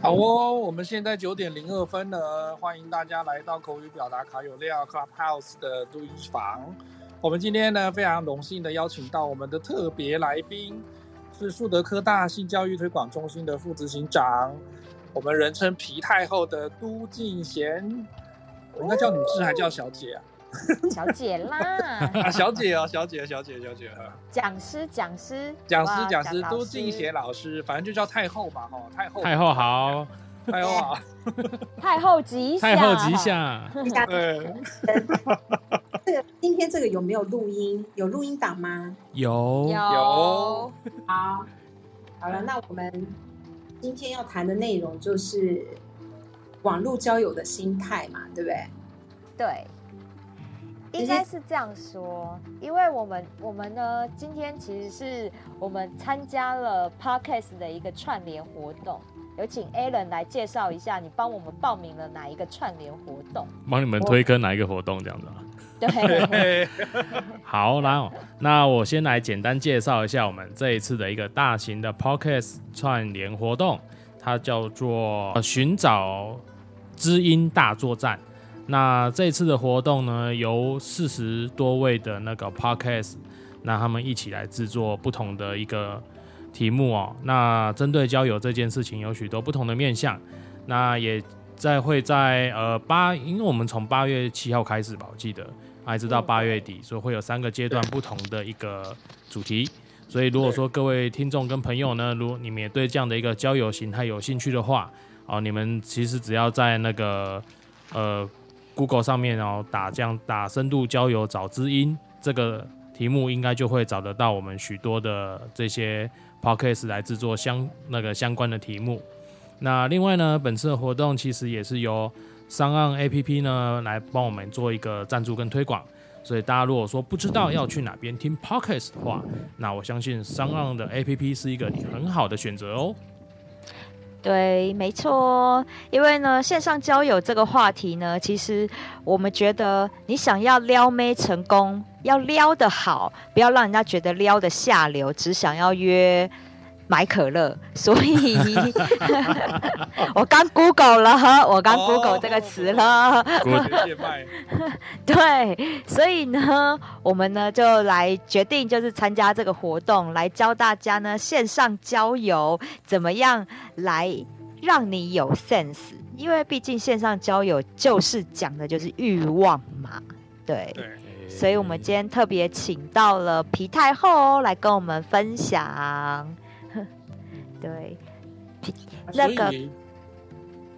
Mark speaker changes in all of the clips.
Speaker 1: 好哦，我們現在九點零二分了，歡迎大家來到口語表達卡有料 Clubhouse 的錄音房。我們今天呢，非常榮幸的邀請到我們的特別來賓，是樹德科大性教育推廣中心的副執行長。我們人稱皮太後的都敬賢，我、哦、應該叫女士還叫小姐啊？哦、
Speaker 2: 小姐啦，
Speaker 1: 啊，小姐啊、哦，小姐，小姐，小姐，
Speaker 2: 講師，講師，講師，講師，都敬賢
Speaker 1: 老師，反正就叫太后吧，哦，太後，太
Speaker 3: 后好，
Speaker 1: 太后好， 太后吉祥，太后吉祥，
Speaker 3: 對， 這
Speaker 4: 個今天這個有沒有錄音？有錄音檔嗎
Speaker 3: 有？有，有，
Speaker 4: 好， 好了，那我們。今天要談的內容就是網絡交友的心
Speaker 2: 態嘛，對不對？對，應該是這樣說。因為我們我們呢，今天其實是我們參加了 Podcast 的一個串聯活動，有請 Alan 來介紹一下，你幫我們報名了哪一個串聯活動，幫你們推
Speaker 3: 推哪一個活動這樣子啊。對、啊， 好，啦，那我先來簡單介紹一下我們這一次的一個大型的 podcast 串聯活動，它叫做“尋找知音大作戰”。那這次的活動呢，由四十多位的那個 podcast，那他們一起來制作不同的一個題目哦。那針對交友這件事情，有許多不同的面向。那也在會在呃八，8, 因為我們從八月七號開始吧，我記得。還直到八月底，所以會有三個階段不同的一個主題。所以如果說各位聽眾跟朋友呢，如果你們也對這樣的一個交友形態有興趣的話，哦、啊，你們其實只要在那個呃 Google 上面，然後打這樣打深度交友找知音這個題目，應該就會找得到我們許多的這些 podcast 來制作相，那個相關的題目。那另外呢，本次的活動其實也是由上岸 A P P 呢，來幫我們做一個贊助跟推廣，所以大家如果說不知道要去哪邊聽 Podcast 的話，那我相信上岸的 A P P 是一個你很好的選擇哦、喔。
Speaker 2: 對，沒錯，因為呢，線上交友這個話題呢，其實我們覺得，你想要撩妹成功，要撩得好，不要讓人家覺得撩得下流，只想要約。買可樂，所以、 嗯、 我剛 Google 了，我剛 Google 這個詞了。哦哦，對，所以呢，我們呢就來決定，就是參加這個活動，來教大家呢線上交友怎麼樣來讓你有 sense，因為畢竟線上交友就是講的就是欲望嘛，對。對所以，我們今天特別請到了皮太后、哦、來跟我們分享。對，那個以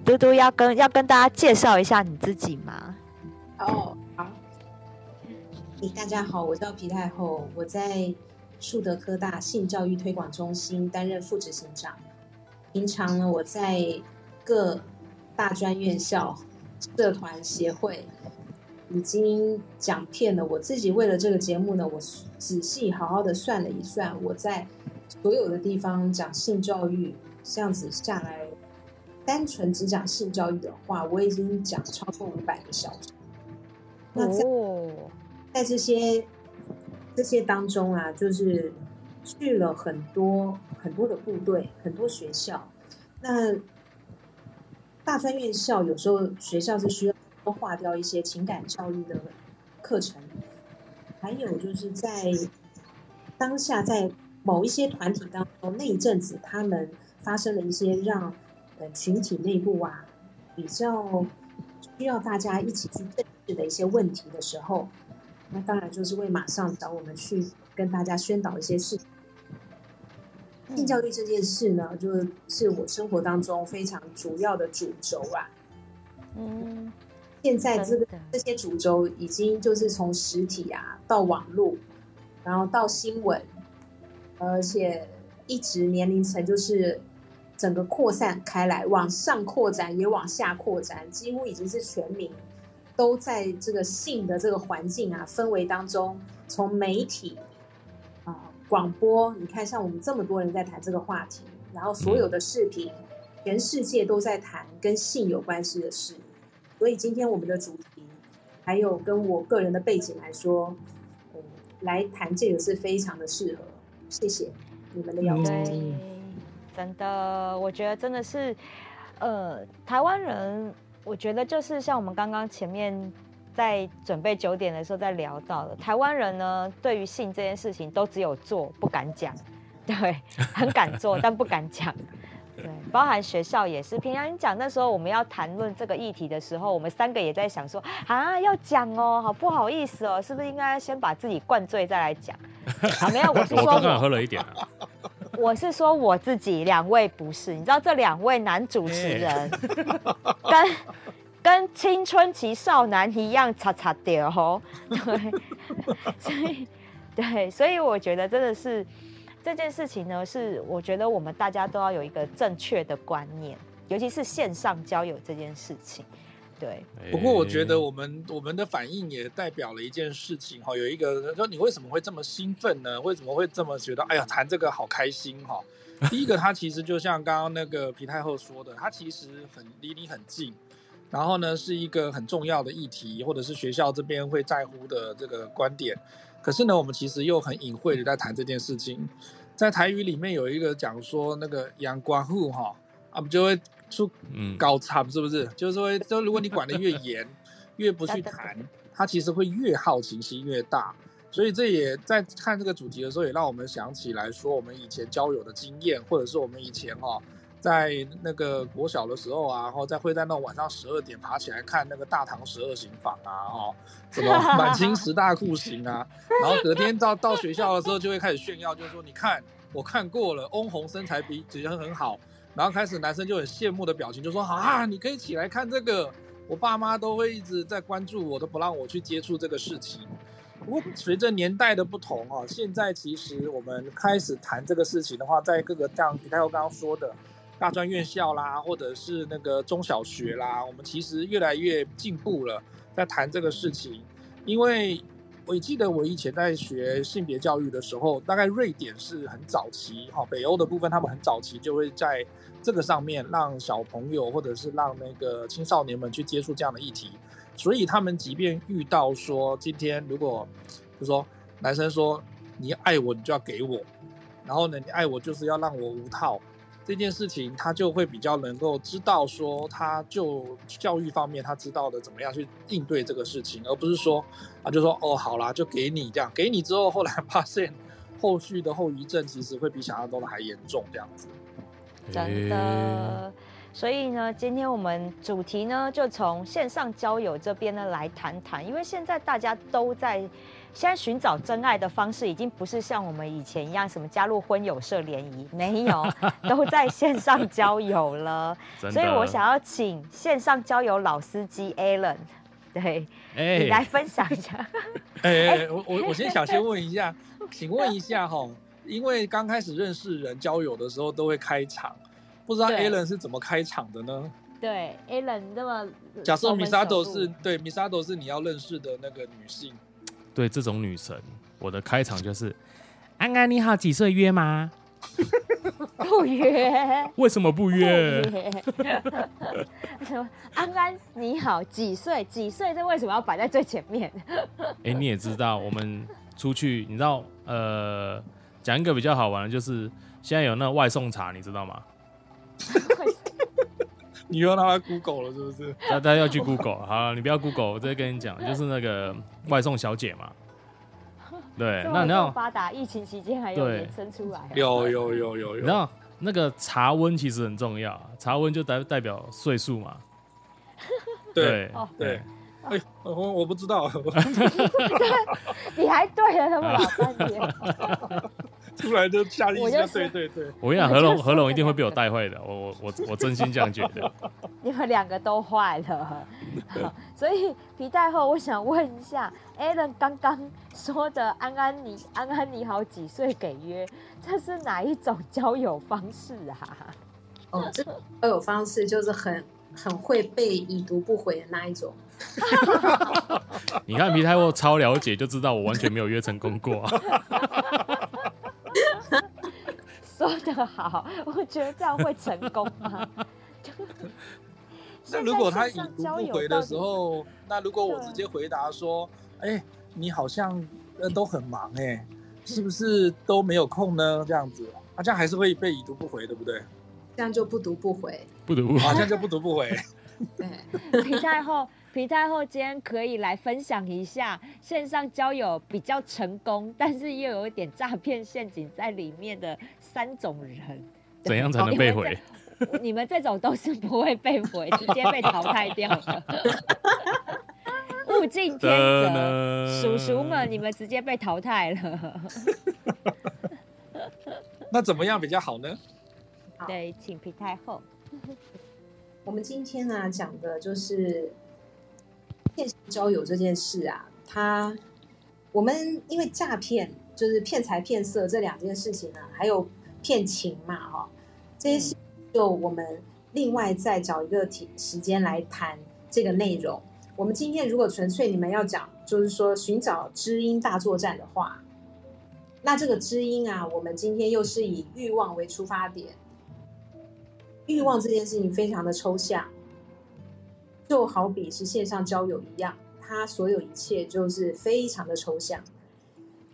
Speaker 2: 嘟嘟要跟要跟大家介紹一下你自己嗎？
Speaker 4: 哦、oh, 好。Hey, 大家好，我叫皮太後，我在樹德科大性教育推廣中心擔任副執行長。平常呢，我在各大專院校、社團協會已經講遍了。我自己為了這個節目呢，我仔細好好的算了一算，我在。所有的地方講性教育，這樣子下來，單純只講性教育的話，我已經講超過五百個小時。那在、哦、在這些這些當中啊，就是去了很多很多的部隊、很多學校。那大專院校有時候學校是需要很多劃掉一些情感教育的課程，還有就是在當下在。某一些團體當中，那一陣子他們發生了一些讓呃群體內部啊，比較需要大家一起去正視的一些問題的時候，那當然就是會馬上找我們去跟大家宣導一些事情。性教育這件事呢，就是我生活當中非常主要的主軸啊。現在這個這些主軸已經就是從實體啊到網絡，然後到新聞。而且一直年齡層就是整個擴散開來，往上擴展也往下擴展，幾乎已經是全民都在這個性的這個環境啊氛圍當中。從媒體啊、呃、廣播，你看，像我們這麼多人在談這個話題，然後所有的視頻，全世界都在談跟性有關係的事。所以今天我們的主題，還有跟我個人的背景來說，嗯，來
Speaker 2: 談這個是非常的適合。謝謝你們的邀請。對，真的，我覺得真的是，呃，台灣人，我覺得就是像我們剛剛前面在準備九點的時候在聊到的，台灣人呢，對於性這件事情，都只有做，不敢講，對，很敢做， 但不敢講。對包含學校也是，平常你講那時候我們要談論這個議題的時候，我們三個也在想說啊，要講哦，好不好意思哦，是不是應該先把自己灌醉再來講？ 沒有，我是說我,我剛剛喝了一點、啊，我是說我自己，兩位不是，你知道這兩位男主持人 跟跟青春期少男一樣擦擦掉，對，所以對，所以我覺得真的是。這件事情呢，是我覺得我們大家都要有一個正確的觀念，尤其是線上交友這件事情。對，
Speaker 1: 不過我覺得我們我們的反應也代表了一件事情哈。有一個說你為什麼會這麼興奮呢？為什麼會這麼覺得？哎呀，談這個好開心哈。第一個，他其實就像剛剛那個皮太后說的，他其實很離你很近。然後呢，是一個很重要的議題，或者是學校這邊會在乎的這個觀點。可是呢，我們其實又很隱晦的在談這件事情，在台語裡面有一個講說，那個陽光戶哈，啊不就會出高慘，是不是？就是說，就如果你管得越嚴， 越不去談，他其實會越好奇心越大。所以這也在看這個主題的時候，也讓我們想起來說，我們以前交友的經驗，或者是我們以前哈、哦。在那個國小的時候啊，然後再會在那種晚上十二點爬起來看那個《大唐十二行房》啊，哦，什麼《滿清十大酷刑》啊， 然後隔天到到學校的時候就會開始炫耀，就是說你看我看過了，翁虹身材比女生很好，然後開始男生就很羨慕的表情，就說啊，你可以起來看這個，我爸媽都會一直在關注我，都不讓我去接觸這個事情。不過隨着年代的不同啊，現在其實我們開始談這個事情的話，在各個像皮太后剛剛說的。大專院校啦，或者是那個中小學啦，我們其實越來越進步了，在談這個事情。因為我也記得我以前在學性別教育的時候，大概瑞典是很早期哈，北歐的部分他們很早期就會在這個上面讓小朋友或者是讓那個青少年們去接觸這樣的議題，所以他們即便遇到說今天如果就是說男生說你愛我，你就要給我，然後呢，你愛我就是要讓我無套。這件事情，他就會比較能夠知道說，他就教育方面他知道的怎麼樣去應對這個事情，而不是說，他就說哦，好啦，就給你這樣，給你之後，後來發現後續的後遺症其實會比想象中的還嚴重這樣子。
Speaker 2: 真的，所以呢，今天我們主題呢就從線上交友這邊呢來談談，因為現在大家都在。現在尋找真愛的方式已經不是像我們以前一樣，什麼加入婚友社聯誼，沒有，都在線上交友了。 真的，所以我想要請線上交友老司機 Alan，對，哎，欸，你來分享一下。哎，欸欸
Speaker 1: 欸，我我我先想先問一下，欸、請問一下哈，因為剛開始認識人交友的時候都會開場，不知道 Alan 是怎麼開場的呢？
Speaker 2: 對，Alan 那麼，假設 Misato 是
Speaker 1: 對，對，Misato 是你要認識的那個女性。
Speaker 3: 對這種女神，我的開場就是：“安安你好，幾歲約嗎？”
Speaker 1: 不約。
Speaker 3: 為什麼不約？
Speaker 2: 不約 安安你好，幾歲？幾歲？這為什麼要擺在最前面，？
Speaker 3: 欸，你也知道，我們出去，你知道，呃，講一個比較好玩的，就是現在有那外送茶，你知道嗎？
Speaker 1: 你要讓他 Google 了是不是？大家要去
Speaker 3: Google， 好，你不要 Google，我再跟你講，就是那個外送小姐嘛。對，對那你知道發
Speaker 2: 達疫情期間還有人生出來？有有
Speaker 3: 有有有，有，有，你知道那個茶溫其實很重要，茶溫就代代表歲數嘛。
Speaker 2: 對，對，哦對哦、
Speaker 1: 哎，我我不知道。我
Speaker 2: 你還對了，他們老三姐。啊
Speaker 1: 出來就加一些，對對對，我跟你講，何龍何
Speaker 3: 龍一定會被我帶壞的，我我我我真心這樣覺得。
Speaker 2: 你們兩個都壞了，所以皮太後，我想問一下，Alan 剛剛說的安安你安安你好幾歲給約，這是哪一種交友方式啊？哦，這個
Speaker 5: 交
Speaker 2: 友方式就是很很會被已讀不回的那一種。
Speaker 3: 你看皮太后超了解，就知道我完全沒有約成功過啊。
Speaker 2: 說得好，我覺得這樣會成功嗎？那 如果他已讀不
Speaker 1: 回的時候，那如果我直接回答說，哎、欸，你好像都很忙，哎、欸，是不是都沒有空呢？這樣子，那、啊、這樣還是會被已讀不回，對不對？這樣
Speaker 4: 就
Speaker 1: 不讀不回，不讀不回，這樣就不讀不回。
Speaker 2: 對，等一下，以後。皮太后今天可以來分享一下線上交友比較成功，但是又有一點詐騙陷阱在裡面的三種人。
Speaker 3: 怎樣才能被毀？
Speaker 2: 你們這種都是不會被毀， 直接被淘汰掉了。物 競天擇， 叔叔們，你們直接被淘汰了。
Speaker 1: 那怎麼樣比較好呢？
Speaker 2: 對，
Speaker 4: 請皮太後。 我們今天呢、啊、講的就是。線上交友這件事啊，他，我們因為詐騙就是騙財騙色這兩件事情呢、啊，還有騙情嘛、哦，這些事就我們另外再找一個時間來談這個內容。我們今天如果純粹你們要講，就是說尋找知音大作戰的話，那這個知音啊，我們今天又是以慾望為出發點，慾望這件事情非常的抽象。就好比是線上交友一樣，他所有一切就是非常的抽象。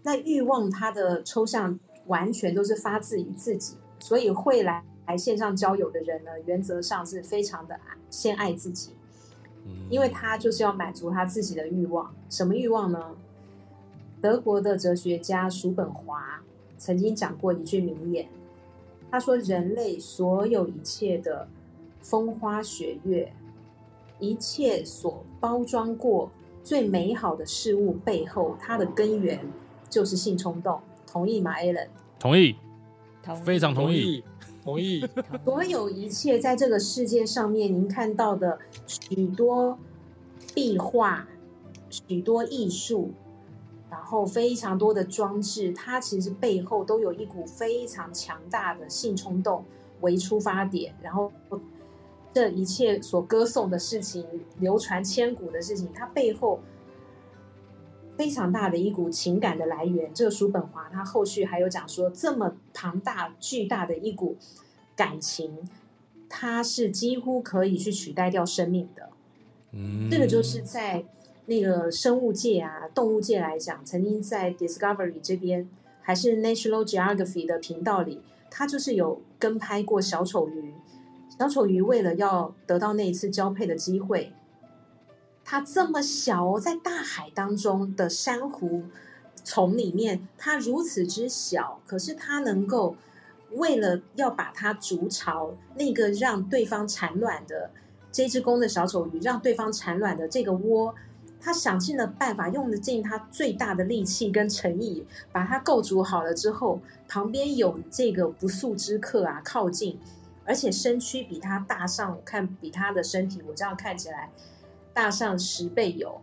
Speaker 4: 那慾望他的抽象完全都是發自於自己，所以會來來線上交友的人呢，原則上是非常的先愛自己，因為他就是要滿足他自己的慾望。什麼慾望呢？德國的哲學家叔本華曾經講過一句名言，他說：“人類所有一切的風花雪月。”一切所包裝過最美好的事物背後，它的根源就是性衝動。同意嗎，Alan？
Speaker 3: 同意，
Speaker 4: 同意，非常同意，同意。
Speaker 3: 同意同意
Speaker 4: 所有一切在這個世界上面，您看到的許多壁畫、許多藝術，然後非常多的裝置，它其實背後都有一股非常強大的性衝動為出發點，然後。這一切所歌頌的事情，流傳千古的事情，它背後非常大的一股情感的來源。這個叔本華，他後續還有講說，這麼龐大巨大的一股感情，它是幾乎可以去取代掉生命的。
Speaker 5: 嗯，這個就
Speaker 4: 是在那個生物界啊、動物界來講，曾經在 Discovery 這邊，還是 National Geography 的頻道裡，他就是有跟拍過小丑魚。小丑魚為了要得到那一次交配的機會，它這麼小哦，在大海當中的珊瑚叢裡面，它如此之小，可是它能夠為了要把它築巢，那個讓對方產卵的這隻公的小丑魚，讓對方產卵的這個窩，它想盡了辦法，用盡它最大的力氣跟誠意，把它構築好了之後，旁邊有這個不速之客啊靠近。而且身軀比他大上，我看比他的身體，我這樣看起來大上十倍有。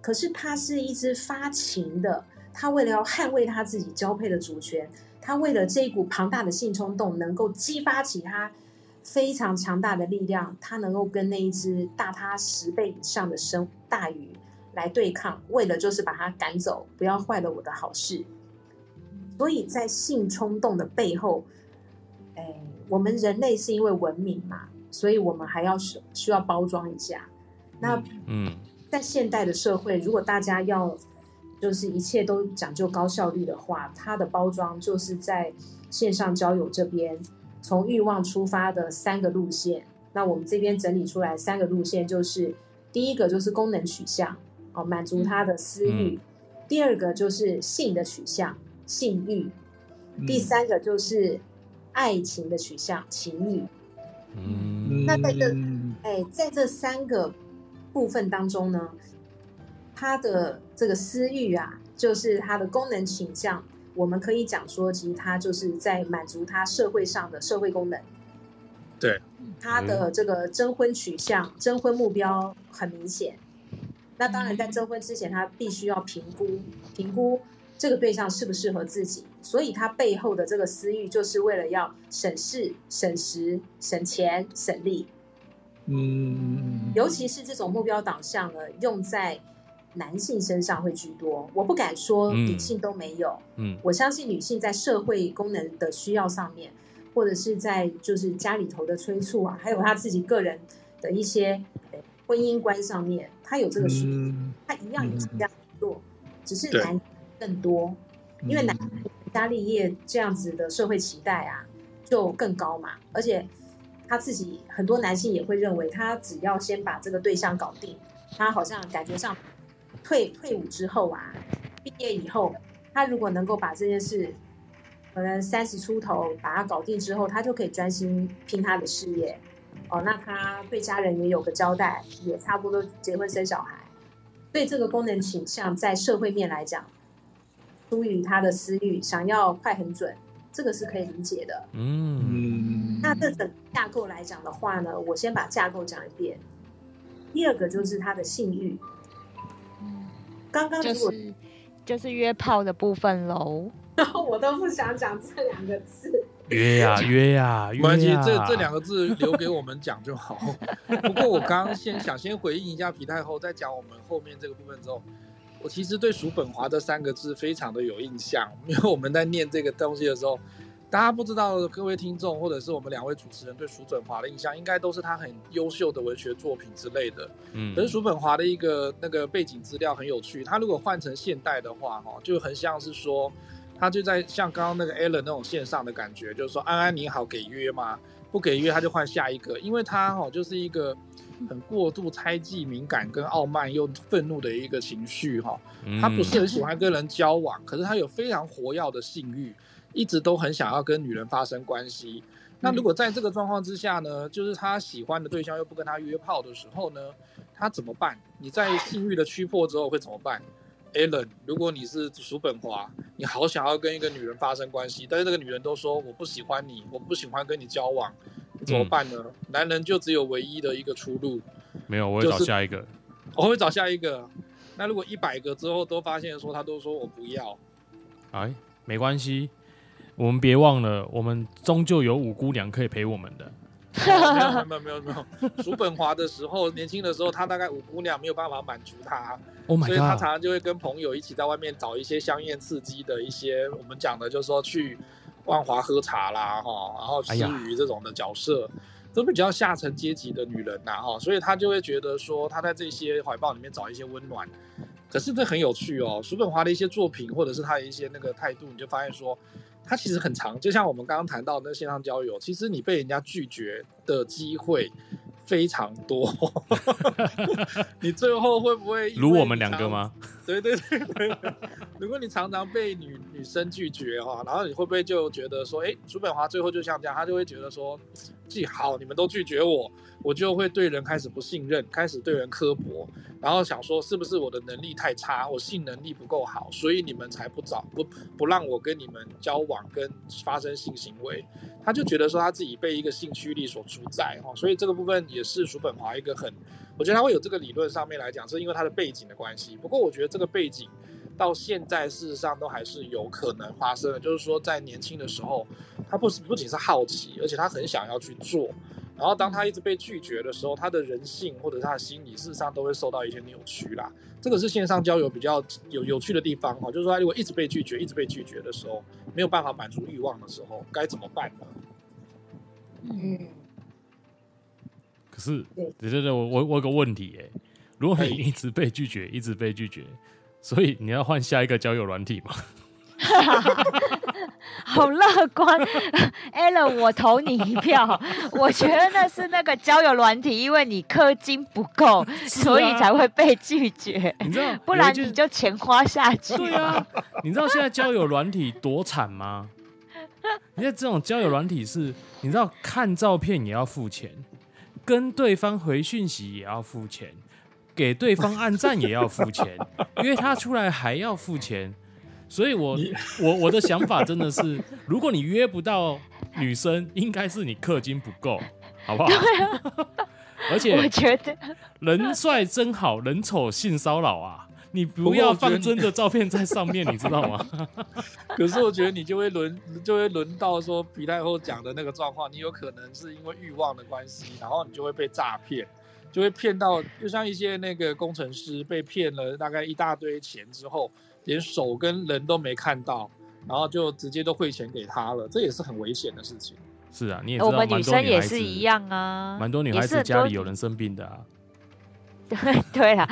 Speaker 4: 可是他是一隻發情的，他為了要捍衛他自己交配的主權，他為了這一股龐大的性衝動，能夠激發起他非常強大的力量，他能夠跟那一隻大他十倍以上的生大魚來對抗，為了就是把他趕走，不要壞了我的好事。所以在性衝動的背後，欸我們人類是因為文明嘛，所以我們還要需要包裝一下。那
Speaker 5: 嗯，嗯，
Speaker 4: 在現代的社會，如果大家要就是一切都講究高效率的話，它的包裝就是在線上交友這邊從欲望出發的三個路線。那我們這邊整理出來三個路線，就是第一個就是功能取向，哦，滿足他的私欲、嗯；第二個就是性的取向，性欲；嗯、第三個就是。愛情的取向，情欲。嗯，
Speaker 5: 那在這哎、
Speaker 4: 欸，在這三個部分當中呢，他的這個私欲啊，就是他的功能傾向，我們可以講說，其實他就是在滿足他社會上的社會功能。對，他的這個徵婚取向，嗯、徵婚目標很明顯。那當然，在徵婚之前，他必須要評估評估這個對象適不適合自己。所以他背後的這個私慾，就是為了要省事、省時、省錢、省力。嗯，
Speaker 5: 尤
Speaker 4: 其是這種目標導向呢，用在男性身上會居多。我不敢說女性都沒有，嗯，嗯，我相信女性在社會功能的需要上面，或者是在就是家裡頭的催促啊，還有他自己個人的一些婚姻觀上面，他有這個需求，他、嗯、一樣有這樣做，只是男性更多、嗯，因為男。家立業這樣子的社會期待啊，就更高嘛。而且他自己很多男性也會認為，他只要先把這個對象搞定，他好像感覺上退退伍之後啊，畢業以後，他如果能夠把這件事可能三十出頭把它搞定之後，他就可以專心拼他的事業。哦，那他對家人也有個交代，也差不多結婚生小孩。對這個功能傾向，在社會面來講。出於他的私欲，想要快很準，這個是可以理解的。嗯，那這等架構來講的話呢，我先把架構講一遍。第二個就是他的性慾。剛、嗯、剛就是、就是、就是約炮的部分嘍。
Speaker 1: 然後我都不想講這兩個字。
Speaker 5: 約呀、啊、約呀、啊，關係、啊。這這兩
Speaker 1: 個字留給我們講就好。 不過我剛先想先回應一下皮太後，再講我們後面這個部分之後。我其實對叔本華這三個字非常的有印象，因為我們在念這個東西的時候，大家不知道各位聽眾或者是我們兩位主持人對叔本華的印象，應該都是他很優秀的文學作品之類的。嗯，可是叔本華的一個那個背景資料很有趣，他如果換成現代的話，哈，就很像是說他就在像剛剛那個 Alan 那種線上的感覺，就是說安安你好，給約嗎？不給約他就換下一個，因為他哈就是一個。很過度猜忌、敏感跟傲慢又憤怒的一個情緒哈、哦，他不是很喜歡跟人交往，可是他有非常活躍的性慾，一直都很想要跟女人發生關係。那如果在這個狀況之下呢，就是他喜歡的對象又不跟他約炮的時候呢，他怎麼辦？你在性慾的驅迫之後會怎麼辦？Alan，如果你是叔本華，你好想要跟一個女人發生關係，但是那個女人都說我不喜歡你，我不喜歡跟你交往。怎麼辦呢、嗯？男人就只有唯一的一個出路。
Speaker 3: 沒有，我會找下一個。就
Speaker 1: 是、我會找下一個。那如果一百個之後都發現說他都說我不要，
Speaker 3: 哎，沒關係。我們別忘了，我們終究有五姑娘可以陪我們的。
Speaker 1: 沒有沒有沒有沒有。叔 本華的時候，年輕的時候，他大概五姑娘沒有辦法滿足他，oh、所以他常常就會跟朋友一起在外面找一些香豔刺激的一些，我們講的就是說去。萬華喝茶啦，哈，然後吃魚這種的角色，哎、都比較下層階級的女人吶、啊，哈，所以她就會覺得說，她在這些懷抱裡面找一些溫暖。可是這很有趣哦，叔本華的一些作品，或者是他的一些那個態度，你就發現說，他其實很常，就像我們剛剛談到的那線上交友，其實你被人家拒絕的機會非常多， 你最後會不會？如我們兩個嗎？ 對對對對，對，如果你常常被女女生拒絕哈，然後你會不會就覺得說，哎，叔本華最後就像這樣，他就會覺得說，既好你們都拒絕我，我就會對人開始不信任，開始對人刻薄，然後想說是不是我的能力太差，我性能力不夠好，所以你們才不找不不讓我跟你們交往跟發生性行為，他就覺得說他自己被一個性驅力所主宰哈，所以這個部分也是叔本華一個很。我覺得他會有這個理論上面來講，是因為他的背景的關係。不過我覺得這個背景到現在事實上都還是有可能發生的，就是說在年輕的時候，他不是不僅是好奇，而且他很想要去做。然後當他一直被拒絕的時候，他的人性或者他的心理事實上都會受到一些扭曲啦。這個是線上交友比較有有、有趣的地方哦、啊，就是說他如果一直被拒絕、一直被拒絕的時候，沒有辦法滿足欲望的時候，該怎麼辦呢？嗯。
Speaker 3: 是，對對對，我我我有個問題哎、欸，如果你一直被拒絕，一直被拒絕，所以你要換下一個交友軟體嗎？
Speaker 2: 好樂樂觀 Alan 我投你一票。 我覺得那是那個交友軟體， 因為你氪金不夠，啊，所以才會被拒絕。你知道，不然你就錢花下去。 對啊，你
Speaker 3: 知道現在交友軟體多慘嗎？ 你知道這種交友軟體是，你知道看照片也要付錢。跟對方回訊息也要付錢，給對方按讚也要付錢， 約他出來還要付錢，所以我，我我我的想法真的是，如果你約不到女生，應該是你氪金不夠，好不好？對啊、 而且，人帥真好，人醜性騷擾啊。你不要放真的照片在上面，你，你知道嗎？
Speaker 1: 可是我覺得你就會輪就會輪到說，皮太后講的那個狀況，你有可能是因為慾望的關係，然後你就會被詐騙，就會騙到，就像一些那個工程師被騙了大概一大堆錢之後，連手跟人都沒看到，然後就直接都匯錢給他了，這也是很危險的事情。
Speaker 3: 是啊，你也知道我們女生也是一
Speaker 2: 樣啊，蠻多女孩子家裡有
Speaker 3: 人生病的啊。
Speaker 2: 對了，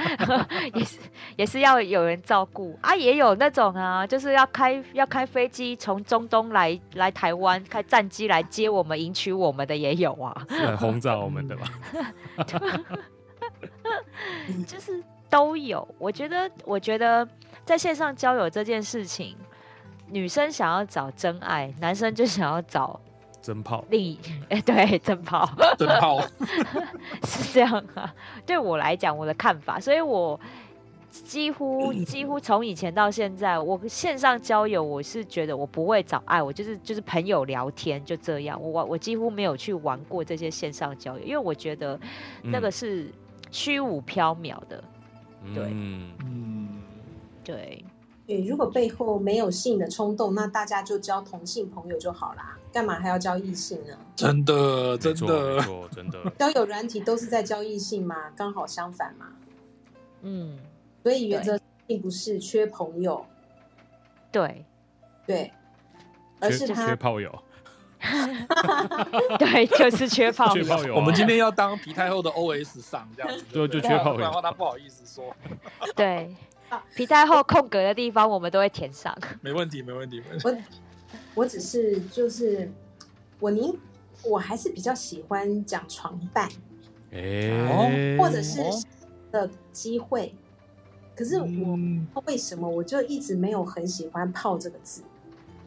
Speaker 2: 也是也是要有人照顧啊，也有那種啊，就是要開要開飛機從中東來來台灣開戰機來接我們迎娶我們的也有啊，很轟
Speaker 3: 炸我們的吧，
Speaker 2: 就是都有。我覺得，我覺得在線上交友這件事情，女生想要找真愛，男生就想要找。燈泡，你，欸、對，燈泡，燈泡是這樣啊。對我來講，我的看法，所以我幾乎幾乎從以前到現在，我線上交友，我是覺得我不會找愛，我就是就是朋友聊天就這樣。我我幾乎沒有去玩過這些線上交友，因為我覺得那個是虛無縹緲的。
Speaker 1: 嗯，對，嗯，
Speaker 2: 對。欸、
Speaker 4: 如果背後沒有性的衝動，那大家就交同性朋友就好啦，幹嘛還要交異性呢？
Speaker 1: 真的，真的，真的。
Speaker 4: 交友軟體都是在交異性嘛，剛好相反嘛。嗯。所以原則並不是缺朋友，對，對，
Speaker 5: 對，而是他缺
Speaker 3: 炮友。
Speaker 5: 對，就是缺
Speaker 1: 炮友。 我們今天要當皮太後的 OS 上這樣子， 對，就缺炮友。然後不然的話他不好意思說。
Speaker 2: 對。啊、皮太後，空格的地方我們都會填上。
Speaker 1: 沒問題，沒問題，沒問
Speaker 2: 題。我，我只
Speaker 4: 是就是我您，我還是比較喜歡講床伴，哎、
Speaker 3: 欸，或者是
Speaker 4: 的機會、哦。可是我、嗯、為什麼我就一直沒有很喜歡泡這個字？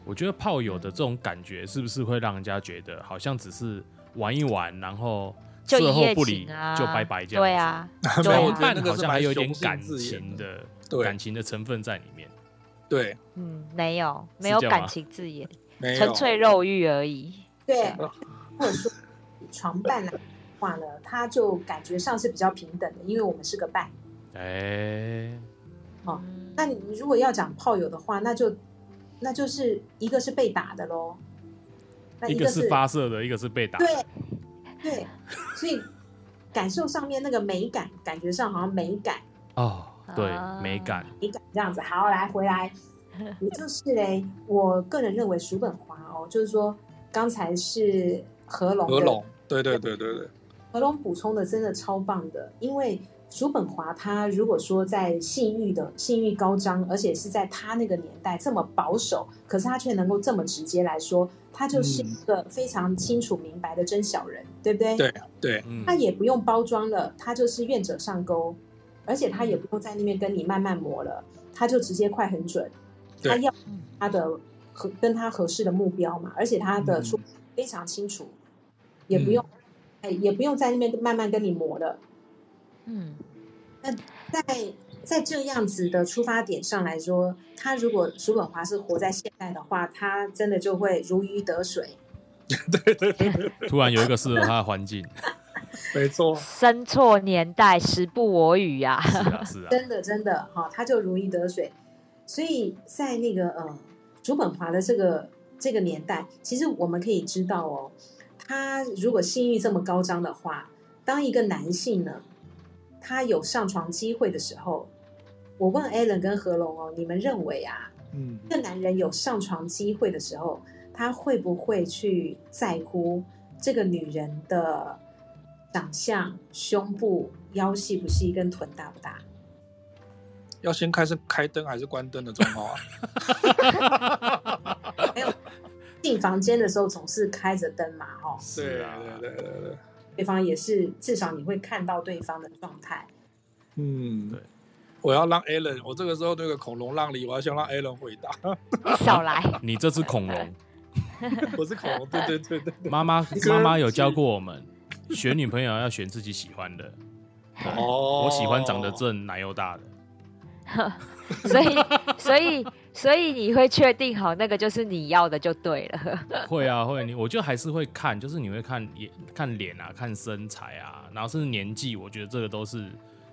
Speaker 3: 我覺得炮友的這種感覺是不是會讓人家覺得好像只是玩一玩，然後最後不理就、啊、就拜拜這樣？對啊，床、啊、伴、啊、好像還有一點感情的。感情的成分在裡面，對，嗯，
Speaker 2: 沒有沒有感情字眼，純粹肉欲而已。對，或者說
Speaker 4: 床伴的話呢，他就感覺上是比較平等的，因為我們是個伴。
Speaker 3: 哎、欸，哦，
Speaker 4: 那你如果要講炮友的話，那就那就是一個是被打的嘍，一個是發
Speaker 3: 射的，一個是被打的。對，
Speaker 4: 對，所以感受上面那個美感， 感覺上好像美感
Speaker 3: 哦。
Speaker 1: 對美感，
Speaker 4: 美感這樣子。好，來回來，也 就是嘞。我個人認為叔本華哦，就是說，剛才是和龍。和龍，
Speaker 1: 對對對對對，對。
Speaker 4: 和龍補充的真的超棒的，因為叔本華他如果說在性欲的性欲高漲，而且是在他那個年代這麼保守，可是他卻能夠這麼直接來說，他就是一個非常清楚明白的真小人，嗯、對不對？對對、嗯，他也不用包裝了，他就是願者上鈎。而且他也不用在那邊跟你慢慢磨了，他就直接快很準。他要他的跟他合適的目標嘛，而且他的出非常清楚，嗯、也不用、嗯、也不用在那邊慢慢跟你磨了。嗯，那在在這樣子的出發點上來說，他如果叔本華是活在現代的話，他真的就會如魚得水。
Speaker 2: 對，對，對笑突然有一個適合他的環境。 沒錯，生錯年代，時不我與呀，啊啊，是啊，
Speaker 4: 真的真的，哈，哦，他就如魚得水，所以在那個呃，叔，嗯、本華的這個這個年代，其實我們可以知道哦，他如果性慾這麼高漲的話，當一個男性呢，他有上床機會的時候，我問 Alan 跟何龍哦，你們認為啊，嗯，
Speaker 5: 一、
Speaker 4: 這個男人有上床機會的時候，他會不會去在乎這個女人的？長相、胸部、腰細不細，跟臀大不大？
Speaker 1: 要先開始開燈還是關燈的狀況啊？ 還有
Speaker 4: 進房間的時候總是開着燈嘛？哈，對啊，對對對對對，對方也是，至少你會看到對方的狀態。嗯，
Speaker 1: 對，我要讓 Alan，我這個時候那個恐龍讓你，我要先讓 Alan 回答，
Speaker 4: 你少來，
Speaker 3: 你這隻恐龍，
Speaker 1: 我是恐龍，對對對對對，對，對，媽媽媽媽有教
Speaker 3: 過我們。 選女朋友要選自己喜歡的。
Speaker 1: Oh. 我喜歡長
Speaker 3: 得正、奶又大的。
Speaker 2: 所以，所以，所以你會確定好那個就是你要的就對了。
Speaker 3: 會啊，會。你我就還是會看，就是你會看眼、看臉啊，看身材啊，然後是年紀。我覺得這個都是，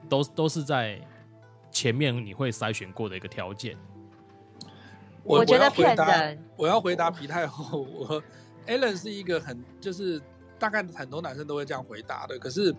Speaker 3: 都都是在前面你會篩選過的一個條件。我，我
Speaker 1: 覺得騙人，我要回答，我要回答皮太後，我 Alan 是一個很就是。大概很多男生都會這樣回答的。可是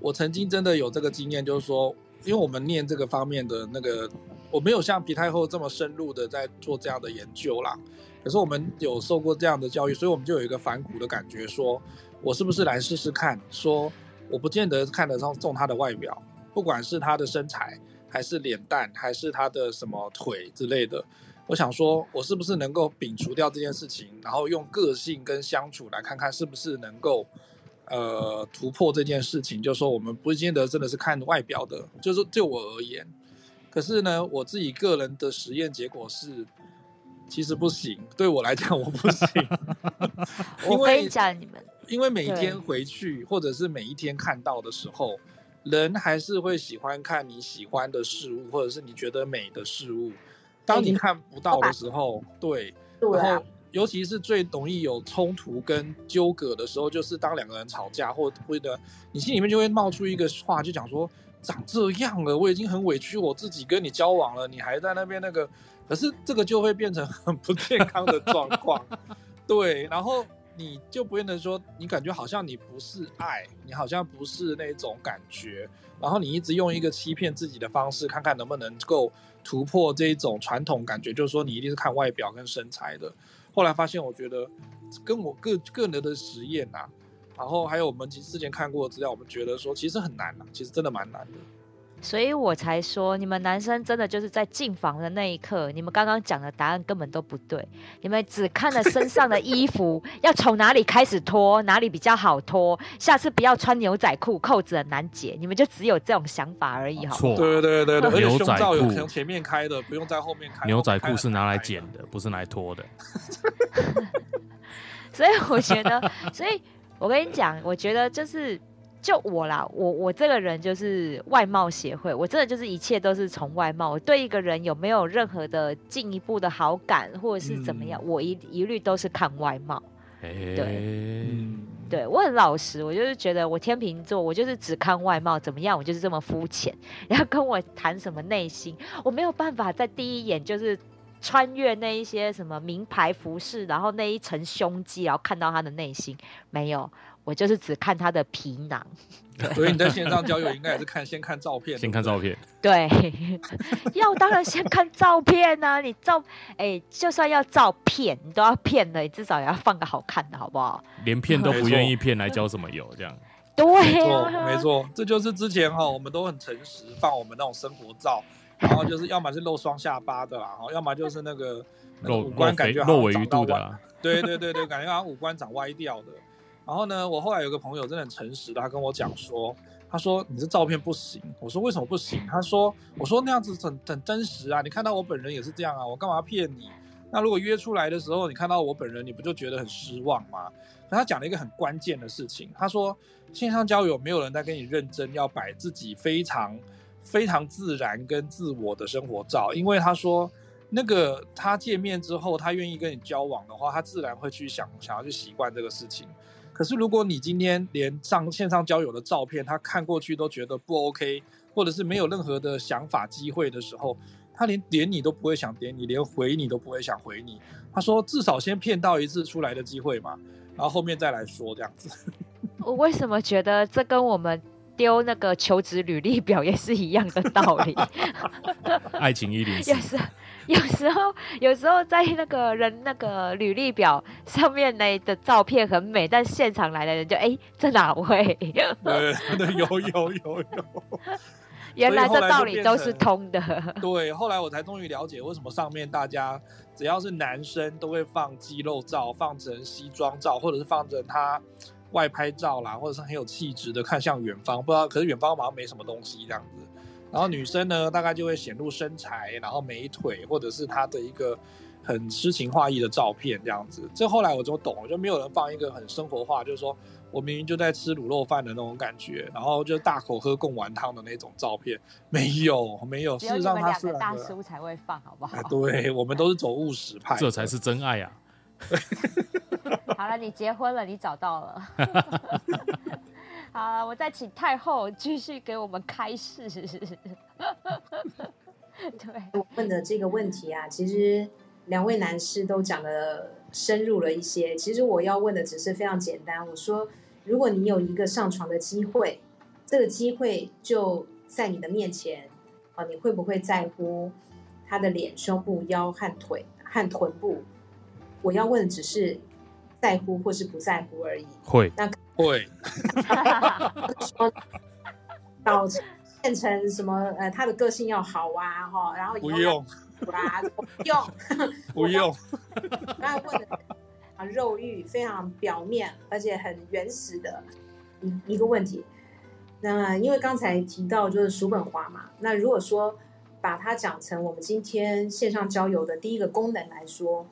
Speaker 1: 我曾經真的有這個經驗，就是說，因為我們念這個方面的那個，我沒有像皮太后這麼深入的在做這樣的研究啦。可是我們有受過這樣的教育，所以我們就有一個反骨的感覺說，說我是不是來試試看？說我不見得看得上中她的外表，不管是她的身材，還是臉蛋，還是她的什麼腿之類的。我想說，我是不是能夠摒除掉這件事情，然後用個性跟相處來看看是不是能夠呃突破這件事情？就說我們不見得真的是看外表的，就是就我而言，可是呢，我自己個人的實驗結果是，其實不行，對我來講我不行。 我可以講你們，因為每一天回去或者是每一天看到的時候，人還是會喜歡看你喜歡的事物，或者是你覺得美的事物。當你看不到的時候，對，然後尤其是最容易有衝突跟糾葛的時候，就是當兩個人吵架或或者你心裡面就會冒出一個話，就講說，長這樣了，我已經很委屈我自己跟你交往了，你還在那邊那個，可是這個就會變成很不健康的狀況，對，然後你就不願意說，你感覺好像你不是愛，你好像不是那種感覺，然後你一直用一個欺騙自己的方式，看看能不能夠。突破這一種傳統感覺，就是說你一定是看外表跟身材的。後來發現，我覺得跟我個個人的實驗啊，然後還有我們其實之前看過的資料，我們覺得說其實很難吶啊，其實真的蠻難的。
Speaker 2: 所以我才說，你們男生真的就是在進房的那一刻，你們剛剛講的答案根本都不對。你們只看了身上的衣服， 要從哪裡開始脫，哪裡比較好脫。下次不要穿牛仔褲，扣子很難解。你們就只有這種想法而已，哈、啊。錯。對
Speaker 1: 對對對。胸罩有可能前面開的，不用在後面開。
Speaker 3: 牛仔褲是拿來剪的， 不是拿來脫的。
Speaker 2: 所以我覺得，所以我跟你講，我覺得就是。就我啦，我我這個人就是外貌協會，我真的就是一切都是從外貌。我對一個人有沒有任何的進一步的好感，或者是怎麼樣，嗯、我一一律都是看外貌。嘿嘿
Speaker 5: 嘿對，嗯、
Speaker 2: 對我很老實，我就是覺得我天秤座，我就是只看外貌怎麼樣，我就是這麼膚淺。然後跟我談什麼內心，我沒有辦法在第一眼就是穿越那一些什麼名牌服飾，然後那一層胸肌，然後看到他的內心，沒有。我就是只看他的皮囊，所以你在線上交友
Speaker 1: 應該也是看 先看照片， 先看照片。
Speaker 2: 對，要當然先看照片呢、啊。你照，哎、欸，就算要照片，你都要騙的，你至少也要放個好看的，好不好？
Speaker 3: 連騙都不願意騙來交什麼友這
Speaker 1: 樣？對、啊，沒錯，這就是之前哈、喔，我們都很誠實，放我們那種生活照，然後就是要麼是露雙下巴的，啦，要麼就是、那個、 那個五官感覺露維度的、啊，對對對對， 感覺他五官長歪掉的。然後呢，我後來有個朋友真的很誠實的，他跟我講說，他說：“你這照片不行。”我說：“為什麼不行？”他說：“我說那樣子很很真實啊，你看到我本人也是這樣啊，我幹嘛騙你？那如果約出來的時候你看到我本人，你不就覺得很失望嗎？”他講了一個很關鍵的事情，他說：“線上交友沒有人在跟你認真要擺自己非常非常自然跟自我的生活照，因為他說那個他見面之後，他願意跟你交往的話，他自然會去想想要去習慣這個事情。”可是，如果你今天連上線上交友的照片，他看過去都覺得不 OK，或者是沒有任何的想法、機會的時候，他連點你都不會想點你，連回你都不會想回你。他說，至少先騙到一次出來的機會嘛，然後後面再來說這樣子。
Speaker 2: 我為什麼覺得這跟我們丟那個求職履歷表也是一樣的道理？
Speaker 3: 愛情一零 也是。
Speaker 2: 有時候，有時候在那個人那個履歷表上面呢的照片很美，但現場來的人就哎、欸，這哪位？
Speaker 5: 對，對，對，有有有有。
Speaker 2: 原 來這道理都是
Speaker 1: 通的。對，後來我才終於了解為什麼上面大家只要是男生都會放肌肉照，放成西裝照，或者是放成他外拍照啦，或者是很有氣質的看向遠方，不知道可是遠方好像沒什麼東西這樣子。然後女生呢，大概就會顯露身材，然後美腿，或者是她的一個很詩情畫意的照片這樣子。這後來我就懂了，就沒有人放一個很生活化，就是說我明明就在吃滷肉飯的那種感覺，然後就大口喝貢丸湯的那種照片，沒有，沒有，是讓你們兩個大
Speaker 2: 叔才會放，好不好？哎，對，
Speaker 1: 我們都是走務實派，這才是真愛
Speaker 3: 啊！
Speaker 2: 好了，你結婚了，你找到了。 好、uh，我再請太后繼續給我們開示。 對，
Speaker 4: 我問的這個問題啊，其實兩位男士都講得深入了一些。其實我要問的只是非常簡單，我說，如果你有一個上床的機會，這個機會就在你的面前，啊、你會不會在乎他的臉、胸部、腰和腿和臀部？我要問的只是在乎或是不在乎而已。會。那。會， 說，變成什麼？呃，他的個性要好啊，哈、哦，然後，後不，
Speaker 5: 用、啊、不用，
Speaker 4: 不用，
Speaker 5: 不 用剛才。 剛
Speaker 4: 才問的啊，肉欲非常表面，而且很原始的，一個問題。那因為剛才提到就是叔本華嘛，那如果說把它講成我們今天線上交友的第一個功能來說。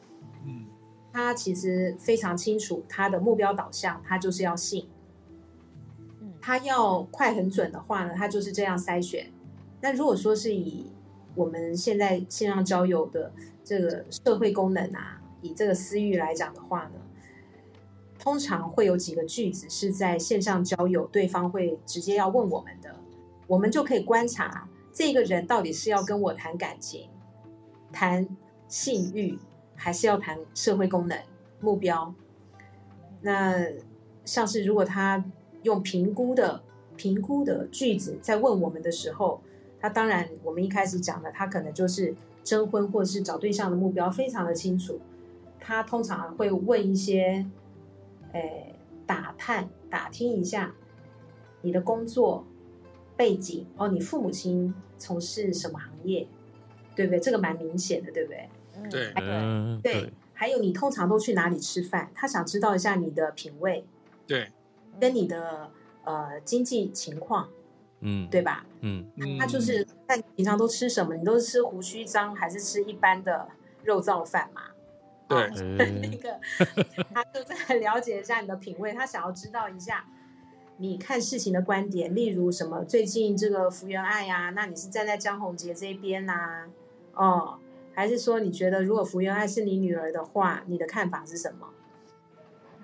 Speaker 4: 他其實非常清楚他的目標導向，他就是要性，他要快很準的話呢，他就是這樣篩選。那如果說是以我們現在線上交友的這個社會功能啊，以這個私慾來講的話呢，通常會有幾個句子是在線上交友對方會直接要問我們的，我們就可以觀察這個人到底是要跟我談感情，談性慾。還是要談社會功能、目標。那像是如果他用評估的評估的句子在問我們的時候，他當然我們一開始講的，他可能就是徵婚或者是找對象的目標非常的清楚。他通常會問一些，誒，打探打聽一下你的工作背景，哦，你父母親從事什麼行業，對不對？這個蠻明顯的，對不對？嗯、對，對，還有你通常都去哪裡吃飯？他想知道一下你的品味，
Speaker 5: 對，
Speaker 4: 跟你的呃經濟情況，嗯，對吧？
Speaker 5: 嗯，他，他就是
Speaker 4: 看平常都吃什麼，你都是吃鬍鬚張還是吃一般的肉燥飯嘛？
Speaker 5: 對，
Speaker 4: 啊嗯就是、那個 他就在了解一下你的品味，他想要知道一下你看事情的觀點，例如什麼最近這個福原愛呀，啊，那你是站在江宏杰這邊吶，啊？哦。還是說，你覺得如果福原愛是你女兒的話，你的看法是什麼？